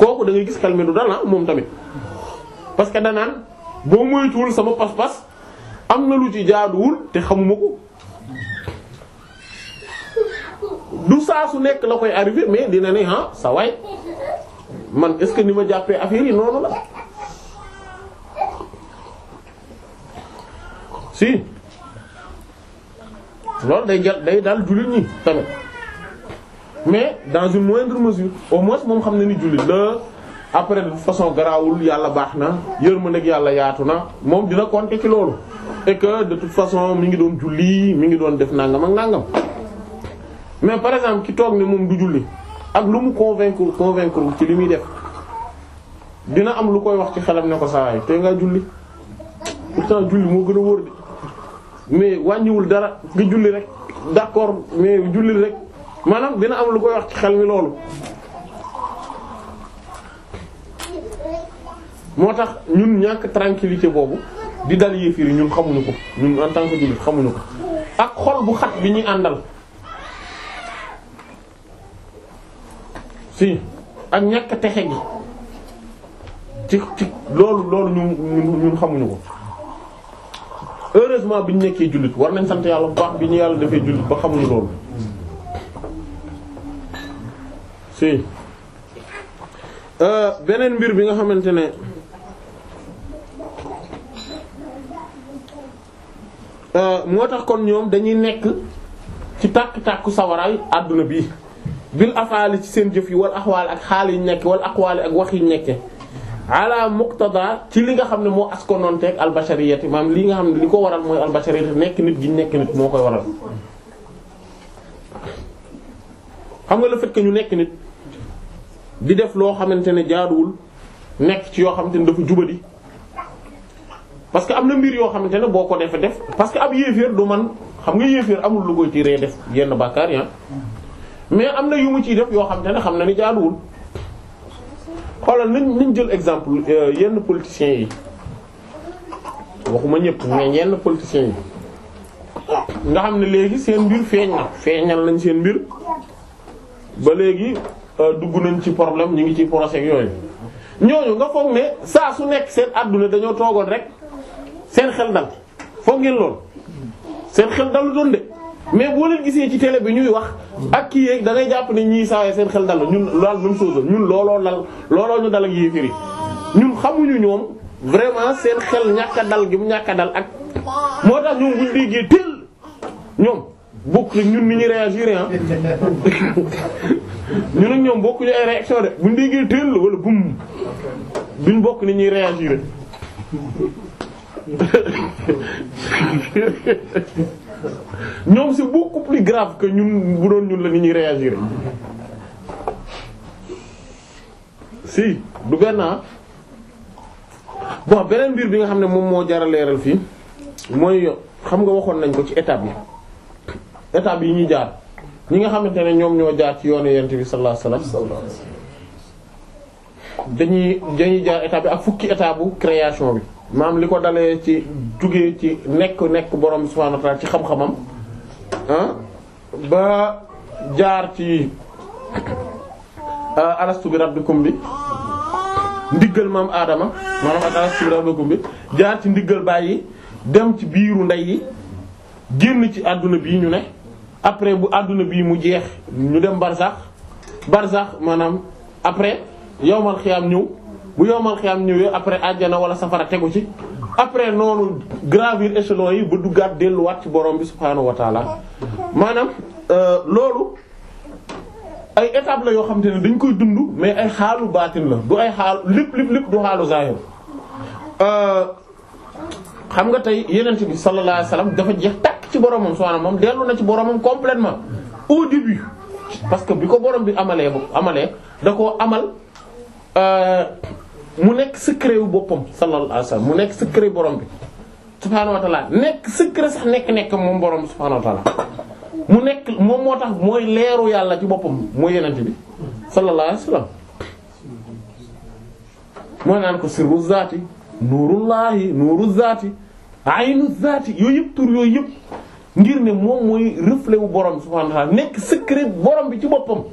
kooku da gis xel mi du dal ah, moom tamit parce que danaan boo moytuwul sama pas-pas am na lu ci jaaduwul te xamuma ko du saa su nekk la koy arrivé mais dina ne ah sa waay man est-ce que ni ma jàppee affaire yi noonu la si loolu day jël day dal jullit ñi tamit. mais dans une moindre mesure au moins moom xam ne ni jullit la après de façon garaawul yàlla baax na yërmandeeg yàlla yaatu na moom dina compter ci loolu et de toute façon mi ngi doon julli mi ngi doon def nangam ak nangam mais par exemple ki toog ni moom du julli ak lu mu convaincre convaincre ci li muy def dina am lu koy wax ci xelam ne ko saa waay tey ngaa julli pourtant julli moo gën a wóor de mais wàññiwul dara nga julli rek d'accord mais julli rek. maanaam dina am lu koy wax ci xel mi loolu moo tax ñun ñàkk tranquillité boobu di dal yéefir yi ñun xamuñu ko ñun en jullit xamuñu ko ak xol bu xat bi ñuy àndal si ak ñàkk texe gi ci ci loolu loolu ñun ñun xamuñu ko heureusement bi ñu nekkee jullit war nañ sant yàlla bu baax bi ñu yàlla defee jullit ba xamuñu loolu si euh, beneen mbir bi nga xamante ne euh, moo tax kon ñoom dañuy nekk ci tàkk-tàkku sawaraay àdduna bi bil afaali ci seen jëf yi war axwaal ak xaal yi nekk wal axwaali ak wax yi nekke ala muqtada ci li nga xam ne moo askononteeg albashariyati maam li nga xam ne li ko waral mooy albashariyati nekk nit gi nekk nit moo koy waral xam nga le fait ñu nekk nit di def loo xamante ne jaaduwul nekk ci yoo xamante ne dafa jubadi parce que am na mbir yoo xamante ne boo ko defee def parce que ab yéeféer du man xam nga yéeféer amul lu koy tiré def yenn bàkkaar ya ah. mais am na yu ci def yoo xamante ne xam na ni jaaduwul xoolal nañ nañ jël exemple euh, yenn politiciens yi waxuma ñëpp mais yenn politiciens yi nga xam ne léegi seen mbir feeñ na feeñal nañ seen mbir ba léegi Euh, dugg nañ ci problème ñu ngi ci procès yooyu ñooñu nga foog ne saa su nekk seen àdduna dañoo toogoon rek seen xel dal foog ngeen lool seen xel dalu doon de mais boo leen gisee ci télé bi ñuy wax ak kii yeeg da ngay jàpp ne ñii saawee xel dal ñun laal même chose ñun looloo dal looloo ñu dal ak yii ñun xamuñu ñoom vraiment seen xel ñàkka a dal gi mu ñàkk a dal ak moo tax ñoom buñ déggee teel ñoom. bokk ñun ni ñuy réagir ah ñun ak ñoom bokkuñu ay réaction bu buñ déggee teel wala bum duñ bokk ni ñuy réagir ñoom c'est beaucoup plus grave que ñun bu doon ñun la ni ñuy réagir si du benn bon beneen mbir bi nga xam ne moom moo jar leeral fii mooy xam nga waxoon nañ ko ci étape yi. étape yi ñuy jaar ñi nga xamante ne ñoom ñoo jaar ci yoonu yent bi sallallahu alayhi wasallam dañuy dañuy jaar étape bi ak fukki étape bu création bi maam li ko dalee ci jugee ci nekk nekk borom subhanahu wa ta'ala ci xam ah, ba jaar ci ah, alastu bi rabbikum bi ndiggal maam aadama maanaam ak alastu bi rabbikum bi jaar ci ndiggal bàyyi dem ci biiru ndey yi génn ci àdduna bii ñu ne après bu àdduna bii mu jeex ñu dem barsax barsax maanaam après yowmal xiyaam ñëw bu yowmal xiyaam ñëwee après àjjana wala safara tegu ci après noonu gravir échelon yi ba duggaat delluwaat ci borom bi subhaanahu wa taala euh, loolu ay étape la yoo xam te ne dañ koy dund mais ay xaalu baatin la du ay xaal lépp lépp lépp du xaalu zahir euh, xam nga tey yenent bi sallallahu alayhi wasallam dafa jeex tàkk ci boromam subhaanahu moom dellu na ci boromam complètement au début parce que bi ko borom bi amalee amalee da koo amal euh, mu nekk secret wu boppam sallallahu alayhi wasallam mu nekk secret borom bi subhaanahu wa nekk secret sax nekk-nekk moom borom bi subhaanahu mu nekk moom moo tax mooy leeru yàlla ci boppam mooy yenent bi sallallahu alayhi wasallam mooy naan ko sirru zaati nuurullahi nuuru zaati aynu zaati yooyu yëpp tur yooyu yëpp ngir ne moom mooy reflet wu borom subhaanahu wa ta'ala nekk secret borom bi ci boppam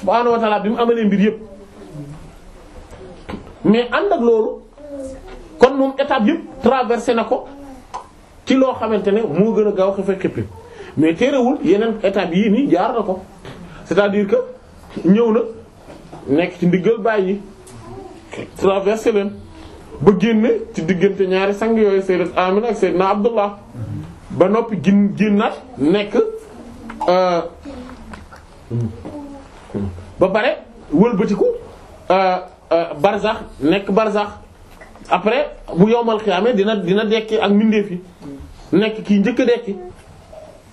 subhaanahu wa ta'ala bi mu amalee mbir yëpp mais ànd ak loolu kon moom état yëpp traversé na ko ci loo xamante ne moo gën a gaaw xëfe xippi mais téerewul yeneen étape yii nii jaar na ko c'est-à-dire que ñëw na nekk ci ndiggal bàyyi traversé leen ba génn ci diggante ñaari sang yooyu sayyidat Amina ak sayyidna Abdullah ba noppi gin génnaat nekk euh, ba pare wëlbatiku euh, euh, barzax nekk barzax après bu yowmal xiyaame dina dina dekki ak mbindeef yi nekk kii njëkk a dekki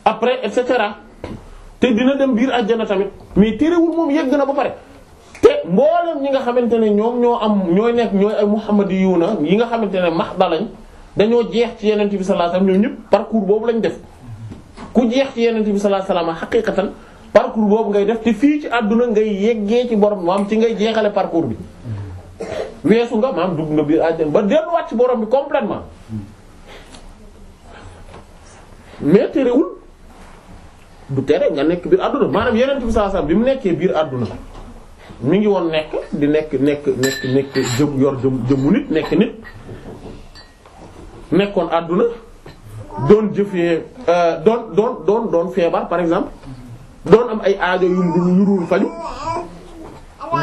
après et cetera te dina dem biir àjjana tamit mais terewul moom yegg na ba pare te mboolem ñi nga xamante ne ñoom ñoo am ñooy nekk ñooy ay muhammadiyuuna yi nga xamante ne max lañ dañoo jeex ci yenent bi sallallahu alayhi wasallam ñoom ñëpp parcours boobu lañu def ku jeex ci yenent bi sallallahu alayhi wasallam xaqiiqatan parcours boobu ngay def te fii ci àdduna ngay yeggee ci borom maam ci ngay jeexale parcours bi weesu nga maam dugg nga biir àjjana ba delluwaat ci borom bi complètement mais terewul du tere nga nekk biir àdduna maanaam yenent bi sallallahu alayhi wasallam bi àdduna mi ngi woon nekk di nekk nekk nekk nekk jëm yor jëm jëmmu nit nekk nit nekkoon àdduna doon jëfee euh, doon doon doon doon feebar par exemple doon am ay aajo yu mu dul yurul faju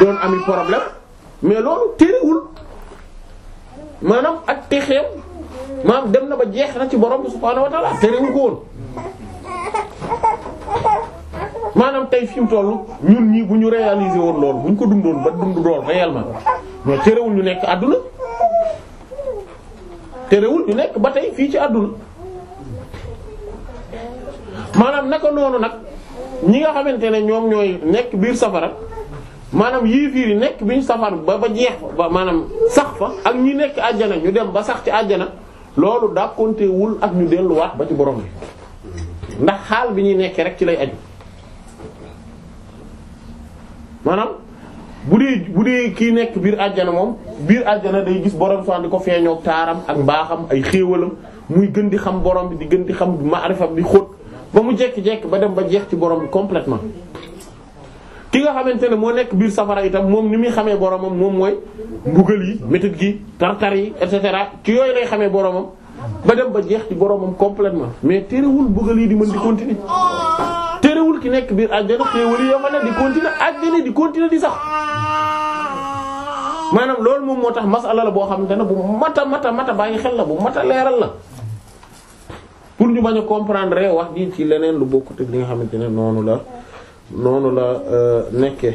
doon ami problème mais loolu téerewul maanaam ak texeem maanaam dem na ba jeex na ci borom subhaanahu wa ta'ala téerewul ko woon maanaam tey fii mu toll ñun ñii bu ñu réaliser woon loolu bu ñu ko dundoon ba dund lool ma mais terewul ñu nekk àdduna terewul ñu nekk ba tey fii ci àdduna maanaam naka noonu nag ñi nga xamante ne ñoom ñooy nekk biir safara maanaam yii fiir yi nekk biñ safar ba ba jeex ba maanaam sax fa ak ñi nekk àjjana ñu dem ba sax ci àjjana loolu daa ak ñu delluwaat ba ci borom bi ndax xaal bi ñuy nekkee rek ci lay aju. maanaam bu dee bu dee kii nekk biir àjjana moom biir àjjana day gis borom soo di ko feeñoo taaram ak mbaaxam ay xéewalam muy gën di xam borom bi di gën di xam maarifam di xóot ba mu jekki-jekki ba dem ba jeex ci borom bi complètement nga xamante ne moo nekk biir safara itam moom ni muy xamee boromam moom mooy mbugal yi métit gi tartar et cetera ci yooyu lay xamee boromam ba ba jeex ci boromam complètement mais terewul mbugal yi di mën di continuer ki nekk biir àjjana xéewal yi fa ne di continuer àjjana di continuer di sax maanaam loolu moom moo tax masala la boo xam ne bu mata mata mata baa ngi xel la bu mata leeral la pour ñu bañ a comprendre wax ji ci leneen lu bokkut ak li nga xamante ne noonu la noonu la euh, nekkee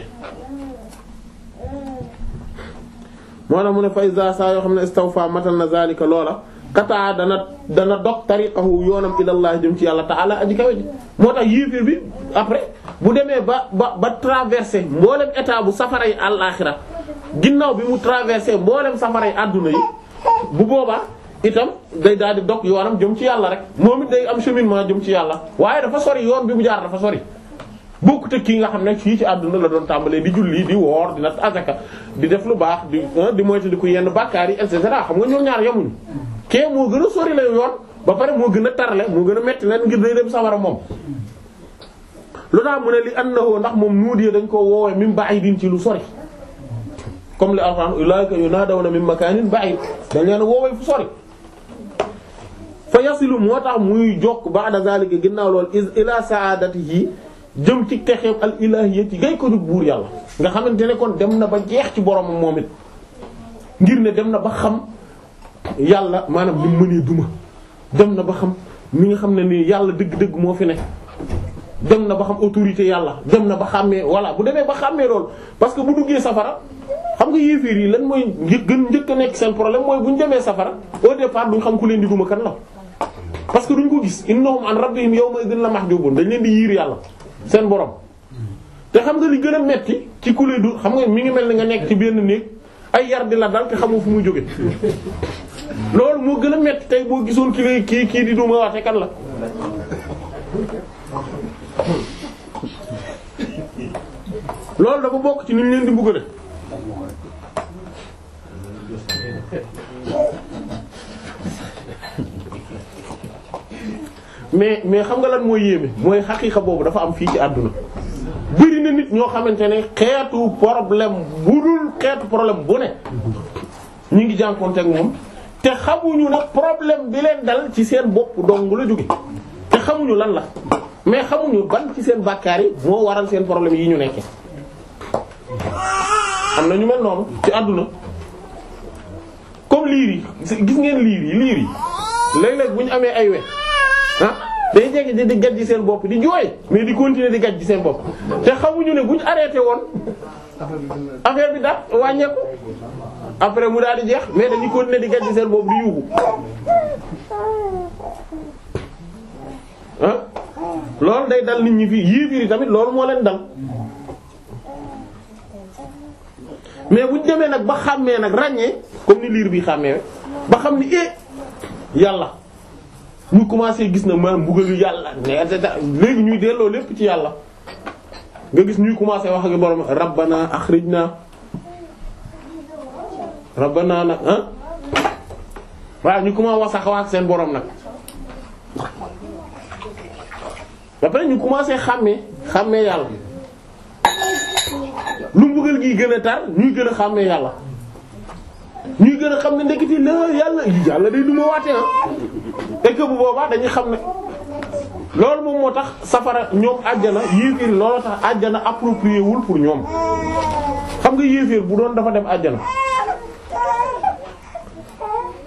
moo tax mu ne fay za saa yoo xam ne istawfa matan na zalika loola qataa dana dana dog tariqahu yoonam ilallah jëm ci yàlla ta'ala aji kawe ji moo tax yéeféer bi après bu demee ba ba ba traversé mboolem état bu safara yi àllaaxira ginnaaw bi mu traversé mboolem safara yi àdduna yi bu boobaa itam day daal di dog yoonam jëm ci yàlla rek moom it day am cheminement jëm ci yàlla waaye dafa sori yoon bi mu jaar dafa sori bokkut ak kii nga xam ne fii ci àdduna la doon tàmbalee di julli di woor di natt di def lu baax di ah, di moytandiku yenn bàkkaar yi et xam nga ñoom ñaar yemuñu. kee moo gën a sori la yoon ba pare moo gën a tarale moo gën a metti leen ngir day dem sawara moom. lu daa mu ne li annahu ndax moom nuudiya dañ koo woowee min ba'idin ci lu sori comme li alxuraan ulaa'ika yunaadawna min makaanin ba'iid dañ leen woowee fu sori. fa yasilu moo tax muy jokk ba'da zaalika ginnaaw lool is ila jëm ci texew al ilahiyati ngay ko dut buur yàlla nga xamante ne kon dem na ba jeex ci boromam moom it ngir ne dem na ba xam yàlla maanaam li mu mënee duma dem na ba xam mi nga xam ne ni yàlla dëgg-dëgg moo fi ne dem na ba xam autorité yàlla dem na ba xàmmee voilà bu demee ba xàmmee loolu parce que bu duggee safara xam nga yéeféer yi lan mooy gën njëkk nekk seen problème mooy bu ñu demee safara au départ duñ xam ku leen di duma kan la parce que duñ ko gis innahum an rabbihim yawma idhin la dañ leen di yiir yàlla seen borom te xam nga li gën a metti ci ku lay du xam nga mi ngi mel ni nga nekk ci benn néeg ay yar di la dal te xamoo fu muy jóge loolu moo gën a metti tey boo gisoon ki lay kii kii di duma waate kan la loolu dafa bokk ci ni ñu leen di mbugale mais mais xam nga lan mooy yéeme mooy xaqiiqa boobu dafa am fii ci àdduna bëri na nit ñoo xamante ne xeetu problème bu dul xeetu problème bu ne ñu ngi jànkuwanteeg moom te xamuñu ne problème bi leen dal ci seen bopp dong la jóge te xamuñu lan la mais xamuñu ban ci seen bàkkaar yi moo waral seen problème yi ñu nekke am na ñu mel noonu ci àdduna comme liir yi gis ngeen liir yi liir yi léeg-léeg bu ñu amee ay we ah day jéggi di gàjji seen bopp di jooy mais di continuer di gàjji seen bopp te xamuñu ne bu ñu arrêté woon affaire bi da wàññeeku après mu daal di jeex mais dañuy continuer di gàjji seen bopp di yuuxu ah loolu day dal nit ñi fii yii yi tamit loolu moo leen dal mais bu demee nag ba xàmmee nag ràññee comme ni liir bi xàmmee ba xam ni eh yàlla. ñu commencé gis na maanaam mbugalu yàlla léegi ñuy delloo lépp ci yàlla nga gis ñuy commencé wax ak borom rabbana akhrijna rabbana nag ah waaw ñu commencé wax sax seen boroom nag après ñu commencé xàmmee xàmmee yàlla lu mbugal gi gën a tar ñuy gën a xàmmee yàlla ñuy gën a xam ne ndekete la yàlla yàlla day duma waate ah et que bu boobaa dañuy xam ne loolu moom moo tax safara ñoom àjjana yéeféer loolu tax àjjana approprié wul pour ñoom xam nga yéeféer bu doon dafa dem àjjana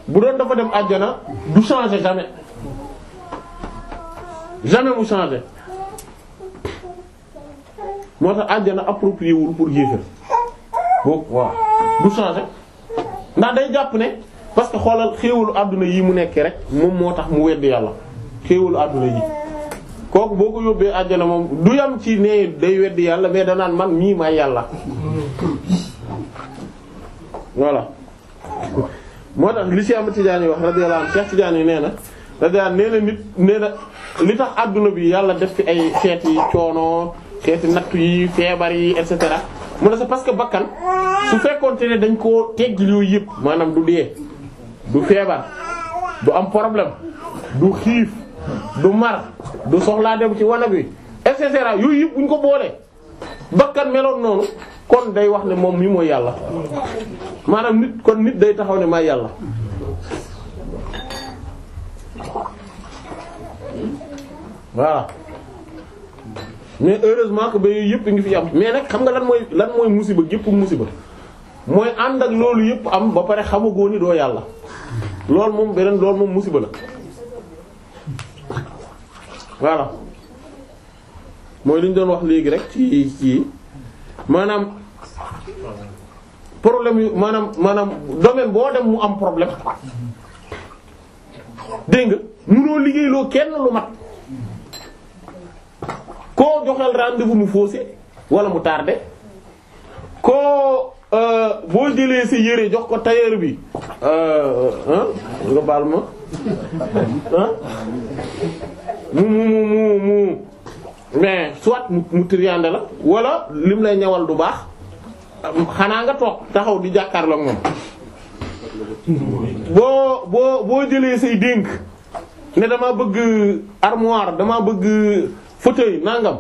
bu doon dafa dem àjjana du changer jamais jamais mu changer moo tax àjjana approprié wul pour yéeféer boobu waaw du changer ndax day jàpp ne parce que xoolal xéewalu àdduna yi mu nekkee rek moom moo tax mu wedd yàlla xéewul àdduna yi kooku boo ko yóbbee àjjana moom du yam ci ne day wedd yàlla mais danaan man mii may yàlla voilà moo tax li Cheikh Ahmed Tidiane wax radiyallahu anhu Cheikh Tidiane yi nee na radiyallahu nee na nee na li tax àdduna bi yàlla def fi ay xeeti coono xeeti nattu yi feebar yi et cetera mu ne c'est parce que bakkan su fekkoonte ne dañ koo gi yooyu yëpp maanaam du dee du feebar du am problème du xiif du mar du soxlaa dem ci wanag wi et cetera yooyu yëpp buñ ko boolee bakkan meloon noonu kon day wax ne moom mii mooy yàlla maanaam nit kon nit day taxaw ne maay yàlla voilà mais heureusement que ba yooyu yëpp ngi fi am mais nag xam nga lan mooy lan mooy musiba gépp musiba mooy ànd ak loolu yëpp am ba pare xamagoo ni doo yàlla loolu moom beneen loolu moom musiba la voilà mooy li ñu doon wax léegi rek ci ci maanaam problème yu maanaam maanaam domaine boo dem mu am problème dégg nga munoo liggéeyloo kenn lu mat. koo joxel rendez-vous mu faussé wala mu tardé koo euh, boo jëlee sa yére jox ko tailleur bi euh, nga baal ma mu mu mu mu mais soit mu triande la wala lim lay ñawal du baax xanaa nga toog taxaw di jàkkaarloo ak moom boo boo boo jëlee say dénk ne dama bëgg armoire dama bëgg fauteuil nangam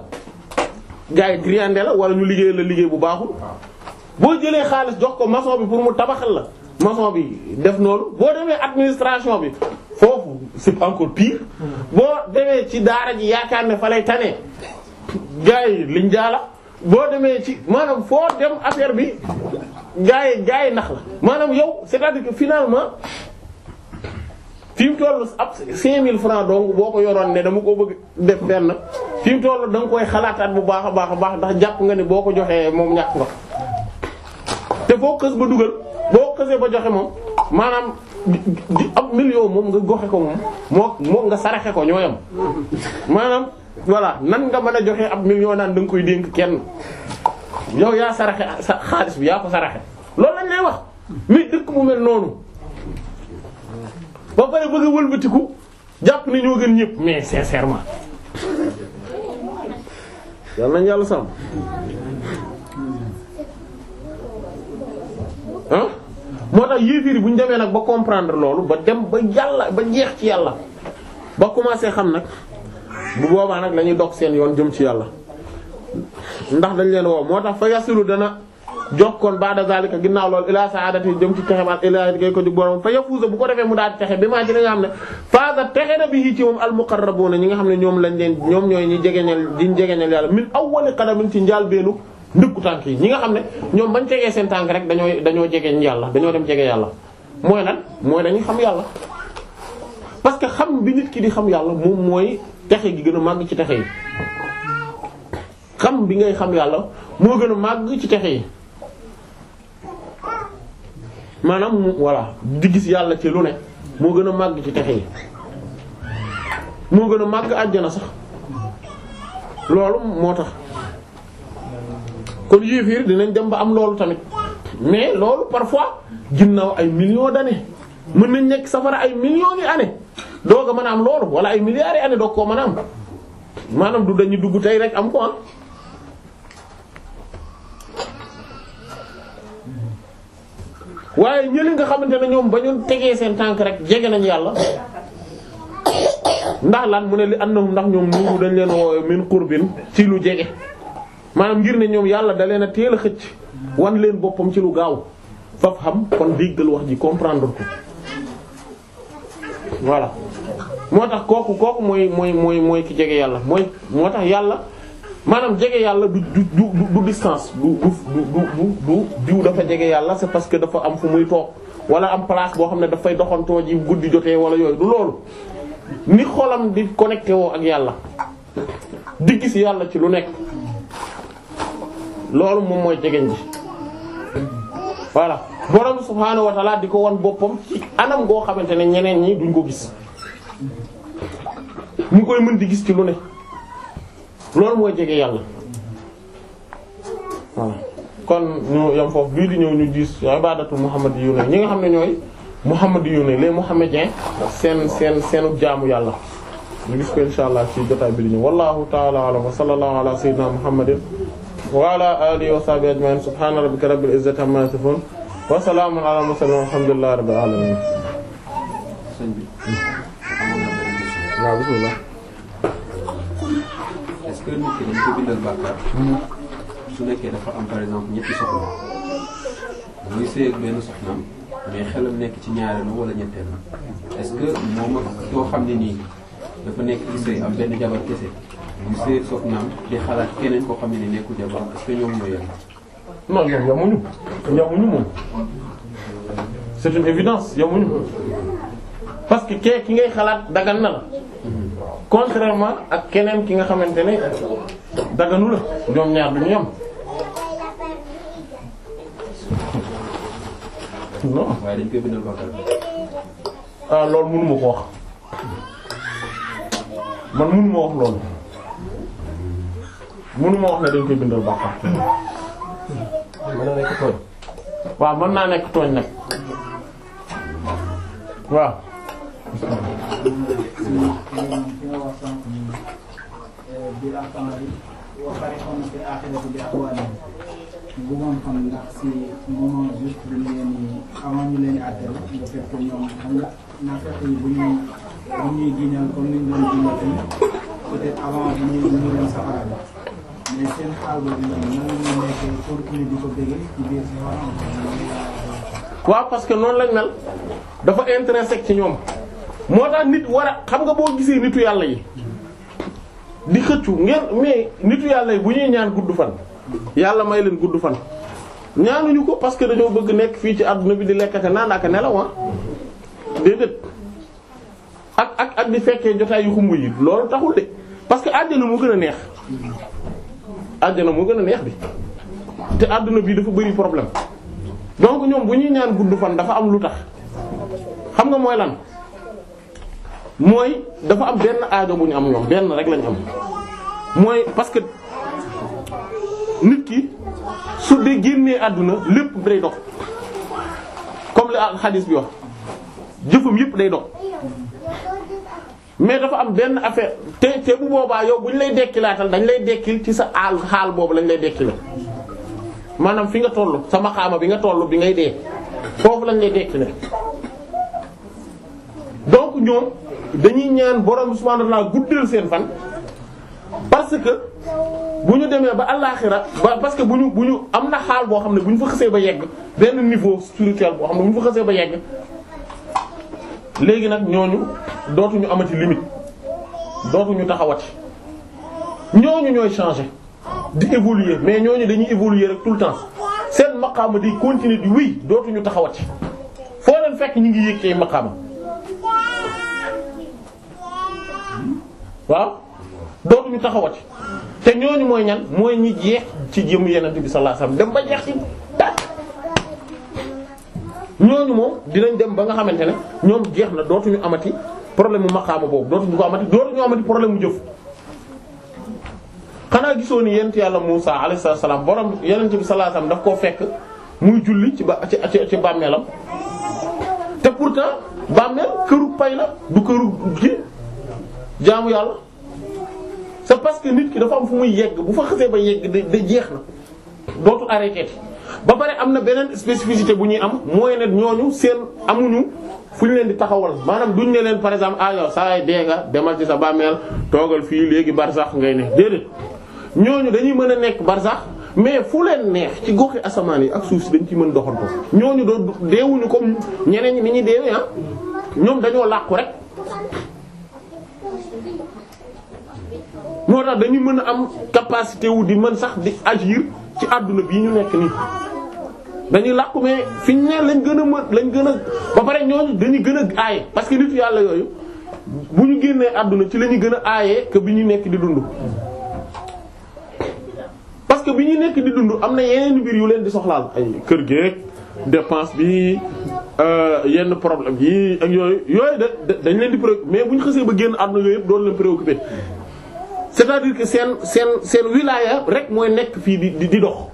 gars yi la wala ñu liggéey la liggéey bu baaxul boo jëlee xaalis jox ko maçon bi pour mu tabaxal la mason bi def noonu boo demee administration bi foofu c'est encore pire boo demee ci daara ji yaakaar ne fa lay tane gars liñ jaala boo demee ci maanaam foo dem affaire bi gars yi yi nax la maanaam yow c'est-à-dire finalement fi mu toll ab 5000 francs donc boo ko yoroon ne dama ko bëgg def benn fi mu toll da koy xalaataat bu baax a baax a baax ndax jàpp nga ne boo ko joxee moom ñàkk nga te boo kës ba dugal boo kësee ba joxe moom maanaam di ab million moom nga goxe ko moom moo moo nga saraxe ko ñoo yam maanaam voilà nan nga man a joxe ab million naan da koy dénk kenn yow yaa saraxe sa xaalis bi yaa ko saraxe loolu lañ lay wax mais dëkk mu mel noonu. ba pare bëgg a wëlbatiku jàpp ni ñoo gën ñëpp mais sincèrement. yal nañu yàlla sàmm. ah moo tax yéefir bu ñu demee nag ba comprendre loolu ba dem ba yàlla ba jeex ci yàlla ba commencé xam nag bu boobaa nag lañuy dog seen yoon jëm ci yàlla ndax dañ leen woo moo tax fa dana. jox kon baada zalika ginnaaw loolu ilaa saadati jëm ci texe ba ilaahi gay ko jug borom fa yafuusa bu ko defee mu daal texe bi maa ci xam ne texe na bi ci moom al muqarrabuna ñi nga xam ne ñoom lañ leen ñoom ñooy ñi jegeñal diñ jegeñal yàlla min awwali qadamin ci njaal beenu ndëkku tànk yi ñi nga xam ne ñoom bañ tegee seen tànk rek dañoo dañoo jegeñ yàlla dañoo dem jege yàlla mooy lan mooy dañuy xam yàlla parce que xam bi nit ki di xam yàlla moom mooy texe gi gën a màgg ci texe yi xam bi ngay xam yàlla moo gën a màgg ci texe yi maanaam voilà di gis yàlla ci lu ne moo gën a màgg ci texe yi moo gën a màgg àjjana sax loolu moo tax kon yéefiir dinañ dem ba am loolu tamit mais loolu parfois ginnaaw ay million d'années mën nañ nekk safara ay millions yi années doog a mën a am loolu wala ay milliards yi années doog koo mën a am maanaam du dañuy dugg tey rek am ko ah waaye ñëli nga xamante ne ñoom ba ñu tegee seen tànk rek jege nañ yàlla ndax lan mu ne li annahum ndax ñoom nuuru dañ leen woowe min qurbin ci lu jege maanaam ngir ne ñoom yàlla da leen a teel a xëcc wan leen boppam ci lu gaaw faf xam kon déggal wax ji comprendre ko voilà moo tax kooku kooku mooy mooy mooy mooy ki jege yàlla mooy moo tax yàlla maanaam jege yàlla du du du du distance du du diw dafa jege yàlla c'est parce que dafa am fu muy toog wala am place boo xam ne dafay doxantoo ji guddi jotee wala yooyu du loolu ni xolam di connecté woo ak yàlla di gis yàlla ci lu nekk loolu moom mooy jegeñ ji voilà borom subhaanahu wa ta'ala di ko wan boppam ci anam goo xamante ne ñeneen ñi duñ ko gis mu koy mën di gis ci lu ne. loolu mooy jege yàlla voilà kon ñu yam foofu bii di ñëw ñu gis ibadatul muhammad yu ñi nga xam ne ñooy muhammad yu ne les muhammadiens seen seen jaamu yàlla ñu gis ko insha allah ci jotaay bi di ñëw wallahu ta'ala alam wa sallallahu ala sayyidina muhammadin wa ala alihi wa sahbihi ajma'in izzati amma yasifun wa salaamun ala mursalin que nit nekkee dafa am par exemple ñetti soxna muy sëy ak benn soxnaam mais xelam nekk ci ñaareelu wala ñetteel est-ce que moom ak koo xam ne nii dafa nekk ci am benn jabar kese muy sëy di xalaat keneen koo xam ne nii jabar est ñoom moom c'est parce que kee ki ngay xalaat dagan na la. contrairement ak keneen ki nga xamante ne daganu la ñoom ñaar du ñu yam non ah, loolu mënuma ko wax man mënuma wax loolu mënuma wax ne dañ koy bindal bàkkaar mën waaw mën naa nekk tooñ nag waaw wax sànq nii biir affaire bi boo paree xaw parce que noonu lañ mel dafa intrinsèque ci ñoom. moo tax nit war a xam nga boo gisee nitu yàlla yi di xëccu ngeen mais nitu yàlla yi bu ñuy ñaan gudd fan yàlla may leen gudd fan ñaanuñu ko parce que dañoo bëgg nekk fii ci àdduna bi di lekkate naan ak nelaw ah déedéet ak ak ak di fekkee jotaay yu yi loolu taxul de parce que àjjana moo gën a neex àjjana moo gën a neex bi te àdduna bi dafa bari problème donc ñoom bu ñuy ñaan gudd fan dafa am lu tax xam nga mooy lan. mooy dafa am benn aajo bu ñu am ñoom benn rek lañ am mooy parce que nit ki su dee génnee àdduna lépp day dox comme li xadis bi wax jëfam yépp day dox mais dafa am benn affaire te te bu boobaa yow bu ñu lay dekkilaatal dañ lay dekkil ci sa aal xaal boobu lañ lay dekkil maanaam fi nga toll sama xaama bi nga toll bi ngay dee foofu lañ lay dekkil donc ñoom. dañuy ñaan borom subhaanahu wa ta'ala guddal seen fan parce que bu ñu demee ba àllaaxira ba parce que bu ñu bu ñu am na xaal boo xam ne bu ñu fa xësee ba yegg benn niveau spirituel boo xam ne bu ñu fa xësee ba yegg léegi nag ñooñu ñu amati limite dootuñu taxawati ñooñu ñooy changer di évoluer mais ñooñu dañuy évoluer rek tout le temps seen maqaama di continuer di wéy dootuñu taxawati foo leen fekk ñu ngi yëg ci waaw ñu taxawati te ñooñu mooy ñan mooy ñi jeex ci jëm yenent bi sallallahu alayhi wasallam dem ba jeex ci tàkk ñooñu moom dinañ dem ba nga xamante ne ñoom jeex na ñu amati problème mu maqaama boobu dootuñu ko amati dootuñu amati problème mu jëf xanaa gisoo ni yent yàlla Muusaa alayhi salaam borom yenent bi sallallahu alayhi wasallam daf koo fekk muy julli ci ba ci ci bàmmeelam te pourtant bàmmeel këru pay la du këru gi jaamu yàlla c'est parce que nit ki dafa am fu muy yegg bu fa xasee ba yegg da jeex na dootu arrêté ba pare am na beneen spécificité bu ñuy am mooy ne ñooñu seen amuñu fu ñu leen di taxawal maanaam duñ ne leen par exemple ah sa saa dee nga demal ci sa bàmmeel toogal fii léegi barsax ngay ne déedéet ñooñu dañuy mën a nekk barsax mais fu leen neex ci goxi asamaan yi ak suuf si dañ ci mën doxal ko ñooñu doo deewuñu comme ñeneen ñi ni ñuy deewee ah ñoom dañoo làqu rek. moo tax dañuy mën a am capacité wu di mën sax di agir ci àdduna bii ñu nekk nii dañuy làqu fiñ fi ne lañ gën a mën lañ gën a ba pare ñooñu dañuy gën a aaye parce que nitu yàlla yooyu bu ñu génnee àdduna ci la ñuy gën a aayee que bi ñu nekk di dund. parce que bi ñu nekk di dund am na yeneen mbir yu leen di soxlaal ay kër geek dépense bi euh, yenn problème yi ak yooyu yooyu da dañ leen di préoccupé mais bu ñu xasee ba génn àdduna yooyu yëpp doon leen préoccupé. c'est-à-dire que seen seen seen wilaya rek mooy nekk fii di di dox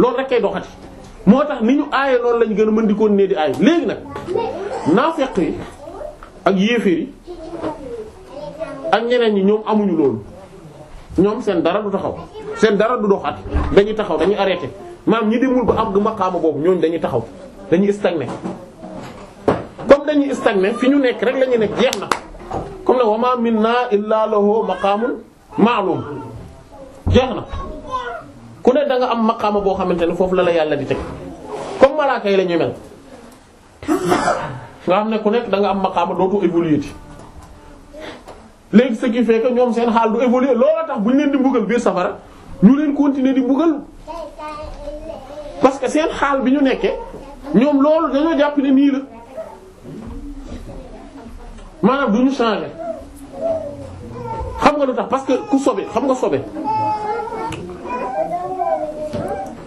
loolu rek kay doxati moo tax ni ñu aaye loolu lañu gën a mën di ko ne di aay léegi nag naafeq yi ak yéeféer ak ñeneen ñi ñoom amuñu loolu ñoom seen dara du taxaw seen dara du doxati dañuy taxaw dañuy arrêté maam ñi demul ba am gu maqaama boobu ñooñu dañuy taxaw dañuy stagné comme dañuy stagné fi ñu nekk rek la nekk jeex na comme ne wa ma minna illa lahu maqaamun maalum jeex na ku ne da nga am maqaama boo xamante ne foofu la la yàlla di teg comme malaaka yi la ñuy mel nga xam ne ku nekk da nga am maqaama dootu évoluer léegi ce qui ñoom seen xaal du évoluer loola tax bu ñu leen di mbugal biir safara ñu leen continuer di mbugal parce que seen xaal bi ñu nekkee ñoom loolu dañoo jàpp ne nii la maanaam du changer xam nga lu tax parce que ku sobe xam nga sobe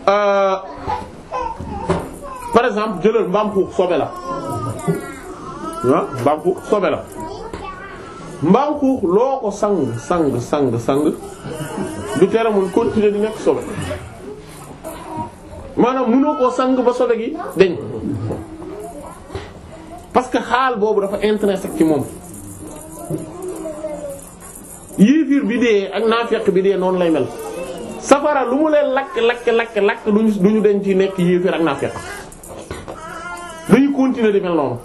euh, par exemple jëlal mbaam xuux sobe la ah mbaam xuux la mbaam loo ko sang sang sang sang du tere mun continuer di nekk sobe maanaam mënoo koo sang ba sobe gi deñ parce que xaal boobu dafa intrinsèque ci moom yéefir bi dee ak naafeq bi dee noonu lay mel safara lu mu leen lakk lakk lakk lakk lu duñu den ci nekk yéefir ak naafeq dañuy continuer di mel noonu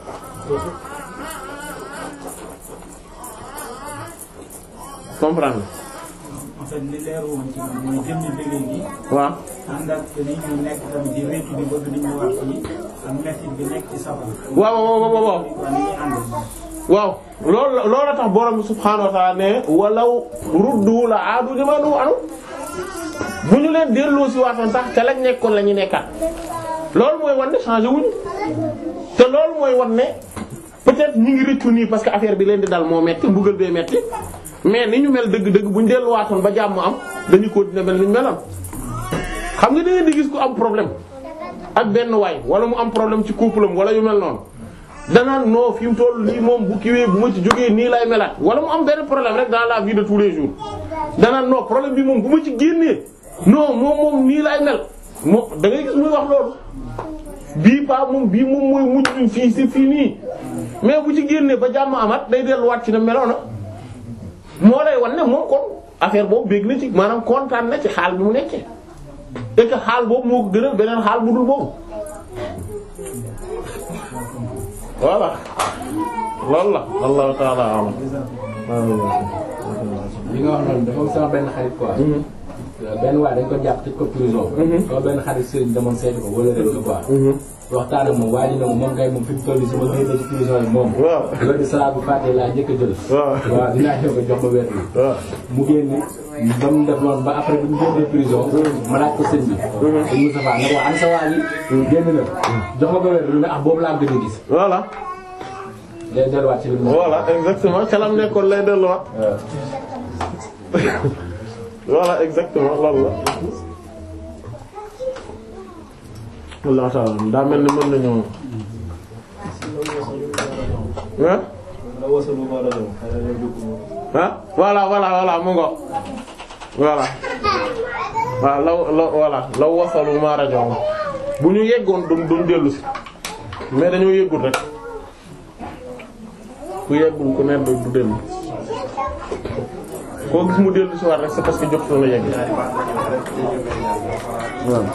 waaw waaw waaw waaw loolu la tax borom subhaanahu wa ta'ala ne walaw ruddu la aadu limaa nuhuu anhu bu ñu leen delloo si waatoon sax te lañ nekkoon la ñu nekkaat loolu mooy wan ne changé wuñu te loolu mooy wan ne peut-être ñu ngi rëccu nii parce que affaire bi leen di dal moo metti mbugal bee metti mais ni ñu mel dëgg-dëgg buñ ñu delluwaatoon ba jàmm am dañu ko dina mel ni ñu meloon. xam nga da ngeen di gis ku am problème ak benn waay wala mu am problème ci couple wala yu mel noonu. danaan non fi mu toll lii moom bu kiiwee bu ma ci jógee nii lay mela wala mu am benn problème rek dans la vie de tous les jours danaan non problème bi moom bu ma ci génnee non moom moom nii lay mel moom da ngay muy wax loolu bii paa moom bii moom mooy mujj fii si fii nii mais bu ci génnee ba jàmm amat day delluwaat ci na meloona moo lay wan ne moom kon affaire boobu bég na ci maanaam kontaan na ci xaal bi mu nekkee et xaal boobu moo gën a beneen xaal bu dul voilà loolu la allahu taala alam li nga wax noonu dafa sama benn xarit quoi mm-hmm. benn waa dañ ko jàpp tëj ko prison. Mhm. sama benn xarit sëriñ demoon seeti ko wala ren quoi. Mhm. waxtaan ak moom waa ji moom kay moom fi mu toll nii sama génne ci prison yi moom. waaw loolu salaa bu laa njëkk a jël. ko jox mu génn ba mu def noonu ba après bu ñu génnee prison. Mhm. ma laaj ko sëñ bi. te Moustapha ne ko an sa waa ji. génn na jox ma ko wet bi ne ah boobu laa gën a gis. voilà. lay delluwaat ci li mu. voilà exactement calam nekkoon lay delluwaat. voilà exactement loolu la Allah ta'ala daa mel ni mën nañu ah voilà voilà voilà mu ngo voilà waaw ma bu ñu yeggoon duñ duñ dellu mais dañoo yeggul rek ku yeggul ku ne du dellu koo gis mu dellu si waat rek c'est parce que jotul na yegg